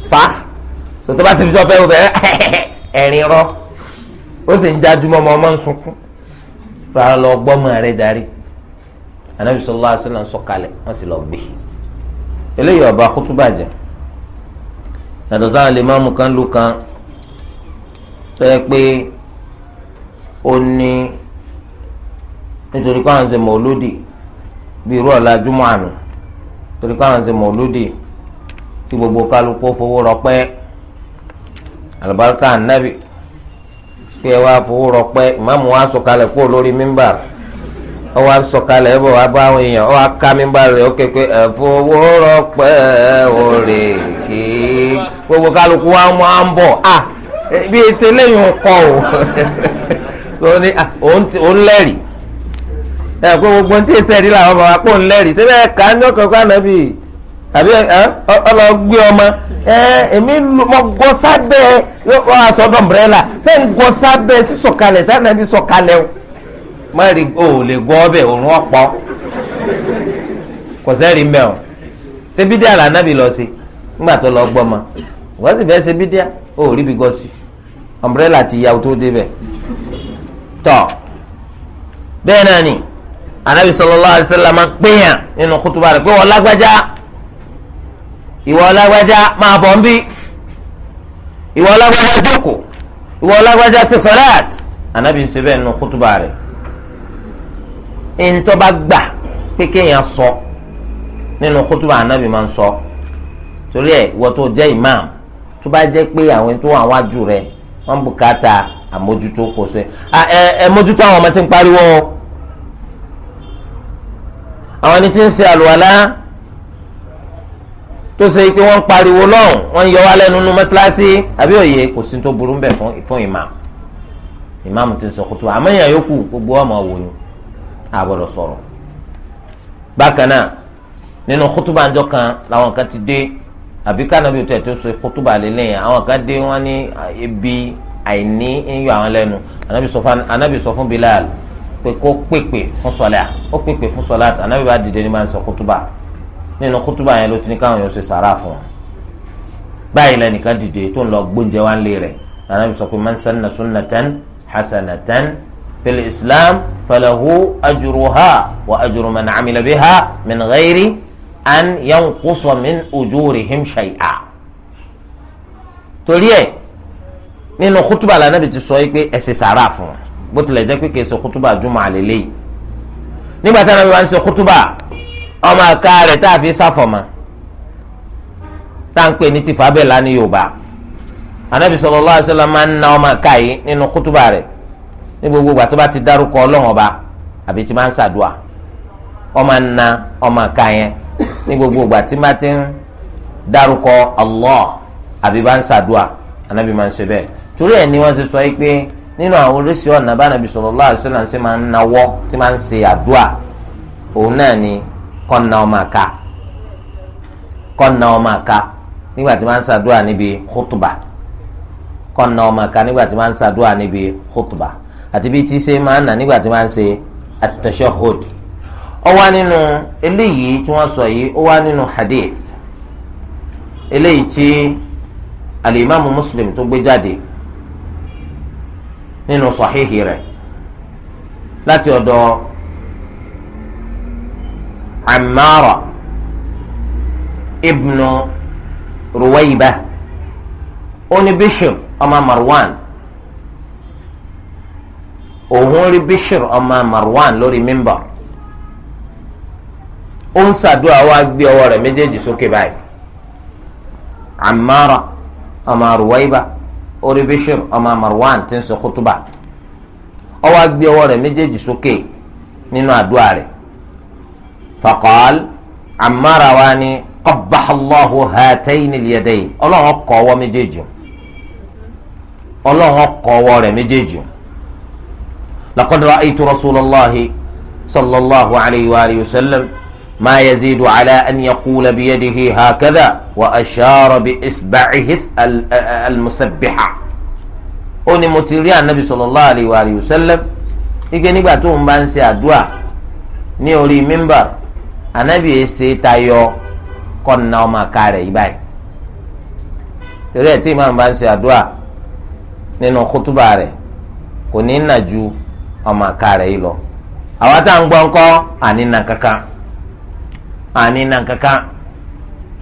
sá sọtọ́ bá ti fi sọ fẹ́ wọ bẹ́ẹ̀ ẹ̀rín rọ ó sì ń jajúmọ ọmọ ọmọ ń sunkún rárá lọ gbọ́mọ rẹ darí anabi sallallahu alaihi wasallam sọ̀kalẹ̀ wọ́n sì lọ gbé eléyìí ọba kútúbà jẹ yàtọ̀ sáwọn lè máàmù kan lù kan tẹ́ pé ó ní nítorí káwọn ṣe mọ̀lódì bíi irú ọ̀la júmọ̀ àná nítorí káwọn ṣe mọ̀lódì kí gbogbo kálukú fowó rọpẹ́ àlùbáríkà ànábì. kí ẹ wá fowó rọpẹ́ ìmáàmù wa sọ̀kalẹ̀ kúrò lórí mímbà ọ wá sọ̀kalẹ̀ ẹ wá bá àwọn èèyàn ọ wá ká mímbà ó ẹ fowó òrè gbogbo kálukú wa mú à ń bọ̀ à bí etí eléyìí ń kọ́ o ẹ kó gbogbo tí làwọn bàbá pò àbí ọlọgbé ọmọ èmi mọ gọ́sábẹ́ aṣọ́dọ̀ mbrẹ́là bẹ́ẹ̀ ń gọ́sábẹ́ sísọ̀kalẹ̀ táwọn ẹbí sọ̀kalẹ̀ o má rí o ò lè gọ́ ọbẹ̀ òórùn ọ̀pọ̀ kò sẹ́ẹ̀rì mbẹ́ o ṣé bídíà là nábì lọ sí nígbà tó lọ gbọ́ ma wọ́n sì fẹ́ ṣe bídíà o ò rí bi gọ́ sí ọmbrẹ́là ti yà tó débẹ̀ tọ́ bẹ́ẹ̀ náà ni anabi sallallahu alaihi wasallam máa ń pèyàn nínú kútubá rẹ̀ pé wọ́n lágbájá ìwọ ọlágbájá máa bọ̀ ń bí ìwọ ọlágbájá jókòó ìwọ ọlágbájá ṣe sọláàt ànábì ń ṣe bẹ́ẹ̀ nù kútùbà rẹ̀ ìntọ́ bá gbà pé kéèyàn sọ nínú kútùbà ànábì máa ń sọ torí ẹ̀ ìwọ tó jẹ́ imam tó bá jẹ́ pé àwọn tó wà wájú rẹ̀ wọ́n bùkátà àmójútó kò sẹ́ ẹ mójútó àwọn ọmọ tí ń pariwo àwọn ẹni tí ń ṣe àlùwàlá tó ṣe pé wọ́n ń pariwo lọ́hùn wọ́n ń yọ wá lẹ́nu nínú mọ́ṣáláṣí àbí kò sí tó burú bẹ̀ fún fún imam imam ti sọ kótó àmọ́ èèyàn yòókù gbogbo ọmọ wò ni àbọ̀dọ̀ sọ̀rọ̀ bákan náà nínú kótóbá ńjọ kan làwọn kan ti dé àbí kánábì tó ẹ̀ tó ṣe kótóbá lélẹ́yìn àwọn kan dé wọ́n ní ibi àìní ń yọ àwọn lẹ́nu anábì sọ fún Bilal pé kó pèpè fún sọlá ó pèpè fún sọlá ànábì bá dìde nínú kútùbà yẹn ló ti ní káwọn yóò ṣe sàrà fún wọn báyìí lẹnìkan dìde tó ń lọ gbóúnjẹ wá ń lé rẹ̀ Ànábì sọ pé man sanna sunnatan hasanatan fil islam falahu ajruha wa ajru man amila biha min ghairi an yanqusa min ujurihim shay'a torí ẹ̀ nínú kútùbà lànàbì ti sọ yìí pé ẹ ṣe sàrà fún wọn bó tilẹ̀ jẹ́ pé kì í ṣe kútùbà jùmọ̀ àlélẹ́yìí nígbà tí Ànábì wá ń ṣe kútùbà ọmọ àka rẹ̀ tá a fi sáfọ̀mọ́ tá à ń pè ní yorùbá anabi sallallahu alaihi wasallam máa ń na ọmọ àka yìí nínú kútùbà rẹ̀ ní gbogbo ìgbà tó bá ti dárúkọ ọlọ́run ọba àbí tí máa ń ṣàdúà ọmọ na ọmọ àka yẹn ní gbogbo ìgbà tí máa ti ń dárúkọ Allah àbí bá ń ṣàdúà anabi máa ń ṣe bẹ́ẹ̀ torí ẹ̀ ni wọ́n ṣe sọ yìí pé nínú àwọn oríṣi ọ̀nà bá anabi sallallahu alaihi wasallam kọ́nà ọmọ àka kọ́nà ọmọ àka nígbà tí wọ́n ń ṣàdúrà níbi khutba kọ́nà ọmọ àka nígbà tí wọ́n ń ṣàdúrà níbi khutba àti bí tí ṣe máa ń nà nígbà tí wọ́n ń ṣe at-tashahhud ó wá nínú eléyìí tí wọ́n sọ yìí ó wá nínú hadith eléyìí tí alimami muslim tó gbé jáde nínú sahihi rẹ̀ láti ọ̀dọ̀ amara ibnu ruwaiba oni bishir ọmọ marwan òun rí bishir ọmọ marwan lórí mímbà ó ń ṣàdúrà wá gbé ọwọ́ rẹ̀ méjèèjì sókè báyìí amara ọmọ ruwaiba orí bishir ọmọ marwan ti ń sọ kútúbà ó wá gbé ọwọ́ rẹ̀ méjèèjì sókè nínú àdúrà rẹ̀ faqal amara wa ni qabbahallahu hatayin al-yadayn ọlọ́run ọkọ̀ ọwọ́ méjèèjì ọlọ́run ọkọ̀ ọwọ́ rẹ̀ méjèèjì laqad ra'aytu rasulallahi sallallahu alayhi wa alihi wa sallam ma yazidu ala an yaqula biyadihi hakadha wa ashara bi isba'ihi al-musabbiha ó ní mo ti rí anabi sallallahu alayhi wa sallam ike nígbà tó ń bá ń ṣe àdúrà ní orí mímbàrì anabi ese tayọ kọ́nà ọmọ àka rẹ̀ yí báyìí torí ẹ̀ tí imam bá ń ṣe àdúrà nínú kútúbà rẹ̀ kò ní nà ju ọmọ àka rẹ̀ yìí lọ àwa tá à ń gbọ́ ńkọ́ àní nà kankan àní nà kankan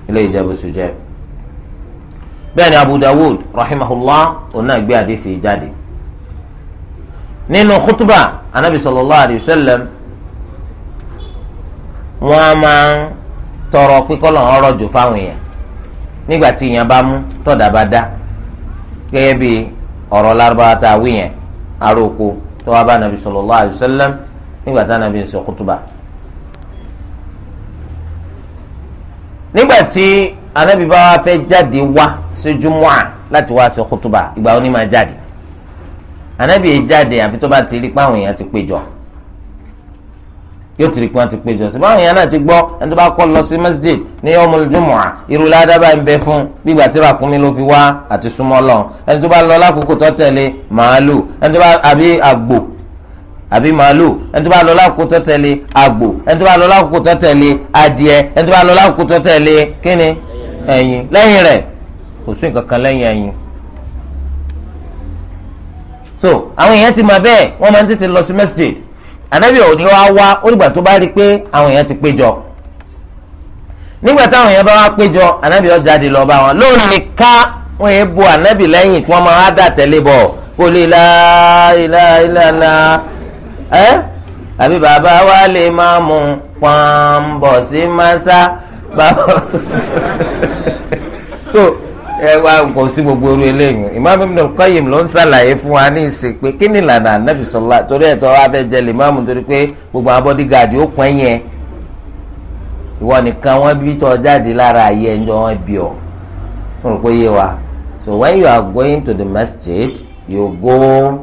ilé ìjẹ́bù sùjẹ́ bẹ́ẹ̀ ni abu dawud rahimahullah òun náà gbé àdìsí jáde nínú kútúbà anabi sallallahu alayhi wa sallam wọ́n á máa ń tọrọ pé kọ́ lọ́n ọ̀rọ̀ jù fáwọn èèyàn nígbà tí ìyàn bá mú tọ̀dà bá dá gẹ́gẹ́ bí ọ̀rọ̀ lárúbáwá tá a wí yẹn aróko tó wá bá nàbí sallallahu alaihi wasallam nígbà tá nàbí sọ kútùbà. nígbà tí anábì bá wá fẹ́ jáde wá sí júmọ́à láti wá sí kútùbà ìgbà onímọ̀ jáde anábì yìí jáde àfi tó bá ti rí páwọn èèyàn ti péjọ yóò ti rí pé wọ́n ti péjọ sí báwọn èèyàn náà ti gbọ́ ẹni tó bá kọ́ lọ sí masjid ní yawmul jumu'ah irú ládàbà ń bẹ fún gbígbà tí ràkúnmí ló fi wá àti súnmọ́ lọ ẹni tó bá lọ lákòókò tó tẹ̀lé màálù ẹni tó bá àbí àgbò àbí màálù ẹni tó bá lọ lákòókò tó tẹ̀lé àgbò ẹni tó bá lọ lákòókò tó tẹ̀lé adìẹ ẹni tó bá lọ lákòókò tó tẹ̀lé kíni ẹyin lẹ́yìn rẹ̀ kò sí nǹkan kan ẹyin so àwọn èèyàn ti mọ̀ bẹ́ẹ̀ wọ́n máa ń tètè lọ sí masjid anabi ò ní wá wá ó dìgbà tó bá rí i pé àwọn èèyàn ti péjọ nígbà táwọn èèyàn bá wá péjọ anabi ó jáde lọ bá wọn lónìí ká wọn yéé bu anabi lẹ́yìn tí wọ́n máa dà tẹ́lẹ̀ bọ̀ kó lè la ilà ilà la ẹ́ àbí bàbá wa lè máa mú pọ́n bọ̀ sí masa bàbá so ẹ wá nǹkan sí gbogbo orí eléyìí Imam Ibn al ló ń ṣàlàyé fún wa ní ìsìn pé kí ni ìlànà anabi sọlá torí ẹ̀tọ́ abẹ́jẹ lè máàmù torí pé gbogbo àwọn bọ́dígàdì ó pẹ́ yẹn ìwọ nìkan wọ́n bí tọ́ jáde lára ayé ẹ̀jọ́ wọn bí fún un yé wa so when you are going to the masjid you go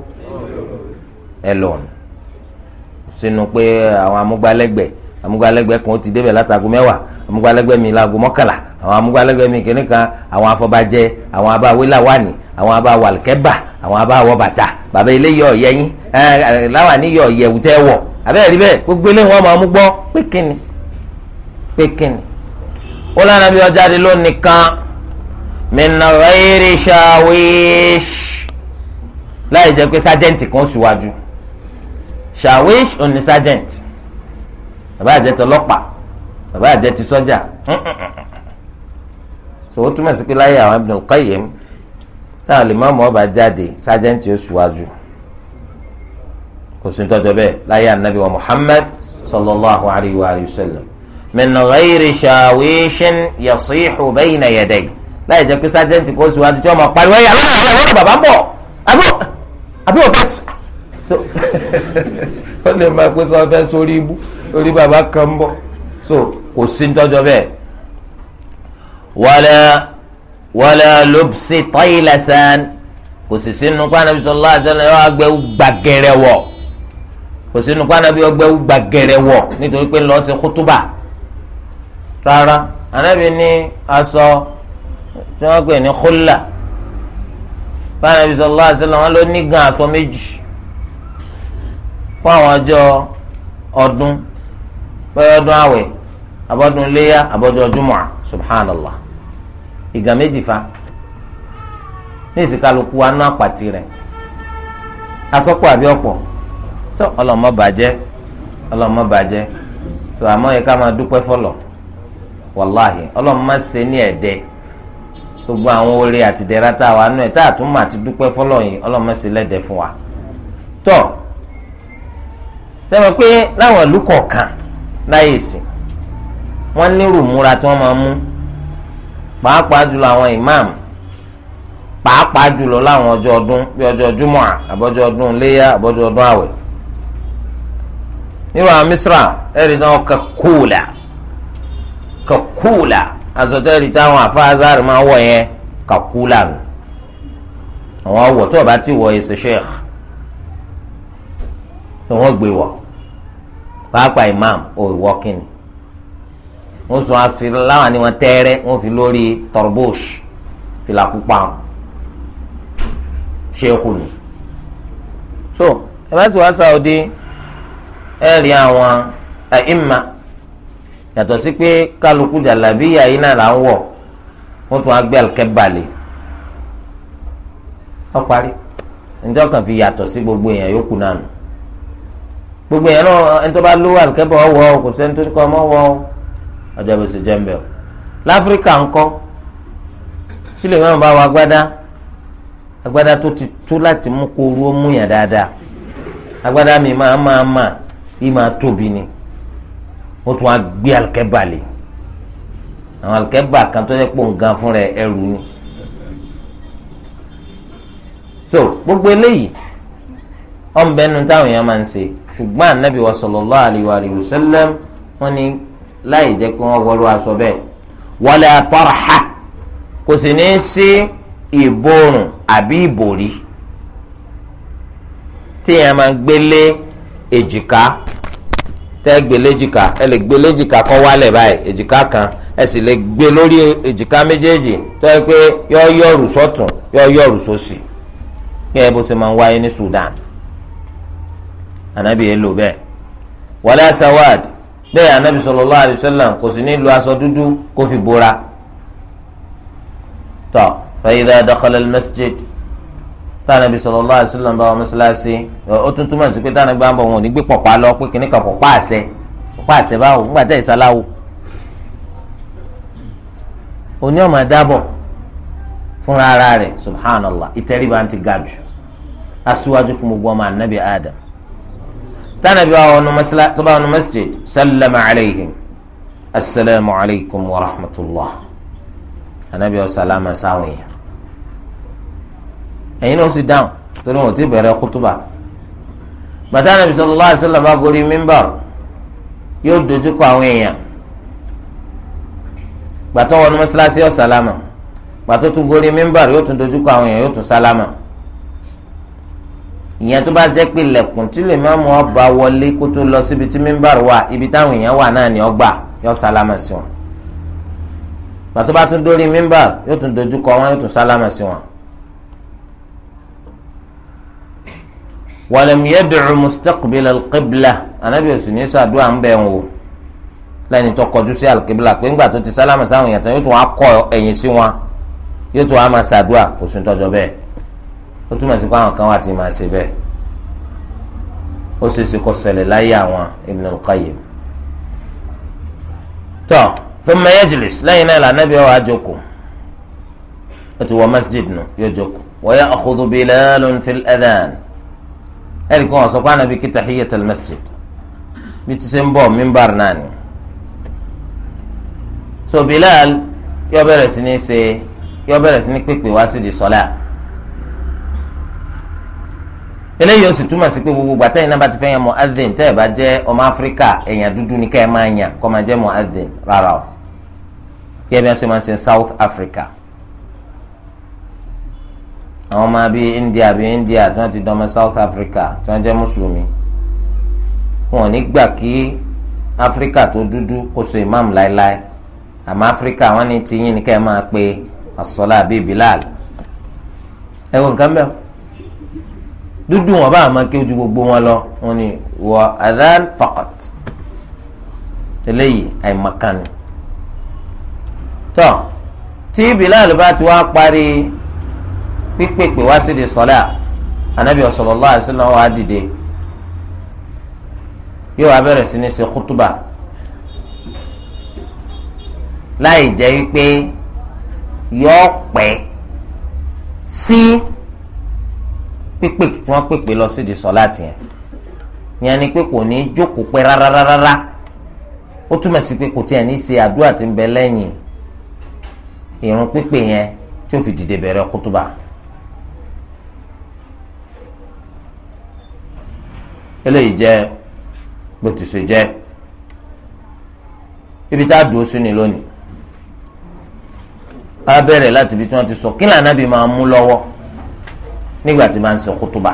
alone sínú pé àwọn amúgbálẹ́gbẹ̀ẹ́ amúgbálẹ́gbẹ́ kan ó ti débẹ̀ látago mẹ́wàá amúgbálẹ́gbẹ́ mi láago mọ́kànlá àwọn amúgbálẹ́gbẹ́ mi kìíní kan àwọn afọbajẹ àwọn abáwé làwání àwọn abáwọ àlùkẹ́bà àwọn abáwọ bàtà bàbá ilé yọ ọ̀yẹ yín láwání yọ ọ̀yẹ wùtẹ́ wọ̀ abẹ́rẹ́ rí bẹ́ẹ̀ gbogbo ilé wọn máa mú gbọ́ pé kíni pé kíni. ó lànà bí ọjà dé lónìí kan mìnà rẹ́ẹ̀rì ṣàwíṣ láì jẹ́ pé sájẹ́ǹtì kan ṣùwájú ṣàwíṣ òní sájẹ́ǹtì bàbá àjẹ tọlọ́pàá bàbá àjẹ ti sọ́jà so ó túmọ̀ sí pé láyé àwọn Ibn Qayyim táwọn lè má mọ́ ọba jáde sájẹ́ǹtì ó ṣùwájú kò sí tọ́jọ́ bẹ́ẹ̀ láyé anabi wa Muhammad sallallahu alayhi wa sallam min ghayri shawishin yasihu bayna yaday láyé jẹ́ pé sájẹ́ǹtì kò ṣùwájú tí wọ́n máa pariwo ẹ̀yà lọ́nà àwọn ọ̀rọ̀ bàbá ń bọ̀ àbí òfin so ó lè máa pé sọ fẹ́ sórí ibú lórí bàbá kan bọ̀ so kò sí tọ́jọ́ bẹ́ẹ̀ wàlẹ́ wàlẹ́ lóbsì tọ́yìlẹ̀sán kò sì sínú kó anabi sọlá àṣẹlẹ ọ agbẹ́wò gbàgẹ̀rẹ̀ wọ̀ kò sínú kó anabi ọgbẹ́wò gbàgẹ̀rẹ̀ wọ̀ nítorí pé ńlọ sí kútúbà rárá anabi ní aṣọ tí wọ́n pè ní kólà kó anabi sọlá àṣẹlẹ wọn ló ní gan aṣọ méjì. fún àwọn ọjọ́ ọdún bẹ́ẹ̀ ọdún àwẹ̀ abọ́dún léyà abọ́jọ́ jùmọ̀ subhanallah ìgbà méjì fa ní ìsìkàlùkù wa ná àpàtì rẹ̀ asọ́pọ̀ àbí ọ̀pọ̀ tó ọlọ́mọ bàjẹ́ ọlọ́mọ bàjẹ́ tó àmọ́ yẹ ká máa dúpẹ́ fọlọ̀ wàláhì ọlọ́mọ gbogbo àwọn oore ẹ̀ tá sẹ́wọ̀n pé láwọn ìlú kọ̀ọ̀kan láyè sí wọ́n nírú múra tí wọ́n máa mú pàápàá jùlọ àwọn imam pàápàá jùlọ láwọn ọjọ́ ọdún bí ọjọ́ júmọ̀ àbọ̀jọ́ ọdún léyà àbọ̀jọ́ ọdún àwẹ̀ nírú àwọn misra ẹ̀rí táwọn kakúùlà kakúùlà àzọ̀tẹ́ ẹ̀rí táwọn afáàzárì máa wọ̀ yẹn kakúùlà nù àwọn ọwọ́ tó o bá ti wọ̀ ẹ̀ ṣe sheikh tó wọ́n gbé wọ̀ pàápàá imam ò wọ́ kínni wọ́n sọ àfihàn láwọn ni wọ́n tẹ́rẹ́ wọ́n fi lórí torbush fìlà pupa ṣéèkù so ẹ bá sì wá Saudi ẹ rí àwọn ẹ ìmà yàtọ̀ sí pé kálukú jàlábíyà yìí náà là ń wọ̀ wọ́n tún á gbé alkẹ́bàlè ọ parí ǹjọ́ kan fi yàtọ̀ sí gbogbo èèyàn yòókù náà nù gbogbo yẹn náà ẹni tó bá lówó àlùkẹ́bọ̀ ọwọ́ kò sẹ́ni tó kọ́ ọmọ wọ́ ọjọ́ bó ṣe jẹ́ ń bẹ̀ ọ́ láfíríkà ńkọ́ tí lè máa bá wa agbádá agbádá tó ti tó láti mú kó orú mú yàn dáadáa agbádá mi máa máa máa yìí máa tóbi ni ó tún á gbé àlùkẹ́bà lè àwọn àlùkẹ́bà kan tó yẹ pò ń gan fúnra ẹrù ni so gbogbo eléyìí ọ̀nbẹ́nu táwọn èèyàn máa ń ṣe ṣùgbọ́n anabi wa sallallahu alayhi wa alayhi wa sallam wọ́n ní láì jẹ́ kí wọ́n wọlé aṣọ bẹ́ẹ̀ wala tarha kò sì ní í sí ìborùn àbí ìbòrí téèyàn máa gbélé èjìká tẹ́ gbélé èjìká ẹ lè gbélé èjìká kọ́ wálẹ̀ báyìí èjìká kan ẹ sì lè gbé lórí èjìká méjèèjì tó yẹ pé yọ yọrù sọ́tún yọ yọrù sósì kí bó ṣe máa ń wáyé ní Sudan anabi yẹn lò bẹ́ẹ̀ wàlá sawad bẹ́ẹ̀ anabi sallallahu alayhi wa sallam kò sì ní lo aṣọ dúdú kó fi bora tọ fa idha dakhala al-masjid tànàbí sallallahu alayhi wa sallam bá wọn mọ́sálásí ó tún túmọ̀ sí pé tànàbí bá ń bọ̀ wọn ò ní gbé pọ̀pá lọ pé kìnnìkan pọ̀pá àṣẹ pọ̀pá àṣẹ báwo ńgbà tẹ̀ ìsáláwo oní ọmọ adábọ̀ fúnra ara rẹ̀ subhanallah ìtẹríba ti ga jù aṣíwájú fún gbogbo ọmọ anabi adam tánàbí wa wọnú masala tó bá wọnú masjid sallama alayhim asalaamu alaykum wa rahmatulah anabi wa salama sáwọn yẹn ẹ̀yin náà ó sì dáhùn torí wọn ò ti bẹ̀rẹ̀ kútúbà bàtà nàbì sallallahu alaihi wasallam bá gorí mímbà yóò dojú kọ àwọn èèyàn gbàtọ́ wọnú mọ́sálásí yóò sálámà gbàtọ́ tún gorí mímbà yóò tún dojú kọ àwọn èèyàn yóò tún sálámà ìyẹn tó bá jẹ́ pé lẹ̀kùn tí lè má mú ọba wọlé kó tó lọ síbi tí mímbàr wà ibi táwọn èèyàn wà náà ni ọgbà yóò sálámà sí wọn bàtó bá tún dórí mímbàr yóò tún dojú kọ wọn yóò tún sálámà sí wọn. walam yad'u mustaqbil al-qibla anabi osùnì sàdúrà ń bẹ̀ ń wò lẹ́ni tó kọjú sí al-qibla pé ńgbà tó ti sálámà sáwọn èèyàn tán yóò tún wá kọ ẹ̀yìn sí wọn yóò tún wá máa sàdúrà kò sí tọ́jọ́ bẹ́ẹ̀ ó túmọ̀ sí pé àwọn kan wà tí máa ṣe bẹ́ẹ̀ ó ṣe é ṣe kó ṣẹlẹ̀ láyé àwọn Ibn al-Qayyim tọ́ thumma yajlis lẹ́yìn náà lànàbí ọ̀ àjòkò ó ti wọ masjid nù yóò jòkò wa ya'khudhu Bilalun fil adhan ẹ̀rí kan ọ̀sọ́ pàánà bíi kíta hiyatal masjid bí ti ṣe ń bọ̀ mímbàr náà ni so Bilal yóò bẹ̀rẹ̀ sí ní ṣe yóò bẹ̀rẹ̀ sí ní pèpè wá sí di sọ́lá eléyìí ó sì túmọ̀ sí pé gbogbo gbàtà yìí náà bá ti fẹ́ yan mu'adhin tẹ́ ẹ̀ bá jẹ́ ọmọ áfíríkà èèyàn dúdú ní ká ẹ máa yàn kó máa jẹ́ mu'adhin rárá o kí ẹ bí wọ́n ṣe máa ń ṣe South Africa àwọn ọmọ bíi India bíi India tí wọ́n ti dọ́mọ South Africa tí wọ́n jẹ́ mùsùlùmí wọn ò ní gbà kí áfíríkà tó dúdú kó so imam láéláé àmọ́ áfíríkà wọn ní tiyín ní ká ẹ máa pe as-salat bíi Bilal ẹ wọ nǹkan bẹ́ẹ̀ dúdú wọn bá àmọ́ kí ojú gbogbo wọn lọ wọn ni wọ adhan faqat eléyìí àìmọ̀kànnì tọ́ tí Bilal bá ti wá parí pípèpè wá sí di sọ́lá anabi sallallahu alaihi wasallam wá dìde yóò wá bẹ̀rẹ̀ sí ní ṣe kútùbà láì jẹ́ wípé yọ pẹ́ sí. Si, pípè tí wọ́n pèpè lọ sídìí sọ̀láàtì yẹn yẹn ni pé kò ní jókòó pẹ́ rárárárá ó túmọ̀ sí pé kò tiẹ̀ ní ṣe àdúrà tí ń bẹ lẹ́yìn ìrun pípè yẹn tí ó fi dìde bẹ̀rẹ̀ kútúbà. eléyìí jẹ́ bó ti ṣe jẹ́ ibi tá a dúró sí ni lónìí a bẹ̀rẹ̀ láti ibi tí wọ́n ti sọ kí lànà bí máa mú lọ́wọ́ nígbà tí máa ń ṣe kútúbà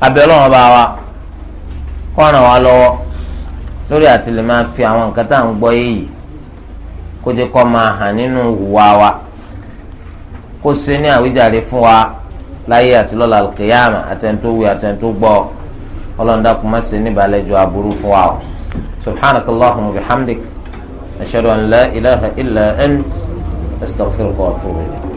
abẹ́ ọlọ́run bá wa kó ràn wá lọ́wọ́ lórí àti lè máa fi àwọn nǹkan tá à ń gbọ́ yìí kó jẹ́ kó máa hàn nínú ìhùwà wa kó ṣe ní àwíjàre fún wa láyé àti lọ́la kìyàmà àtẹ̀ntó wí àtẹ̀ntó gbọ́ ọlọ́run dákun má ṣe níbàlẹ́jọ́ aburú fún wa o subhanaka allahumma bihamdik ashhadu an la ilaha illa ant astaghfiruka wa atubu ilayk.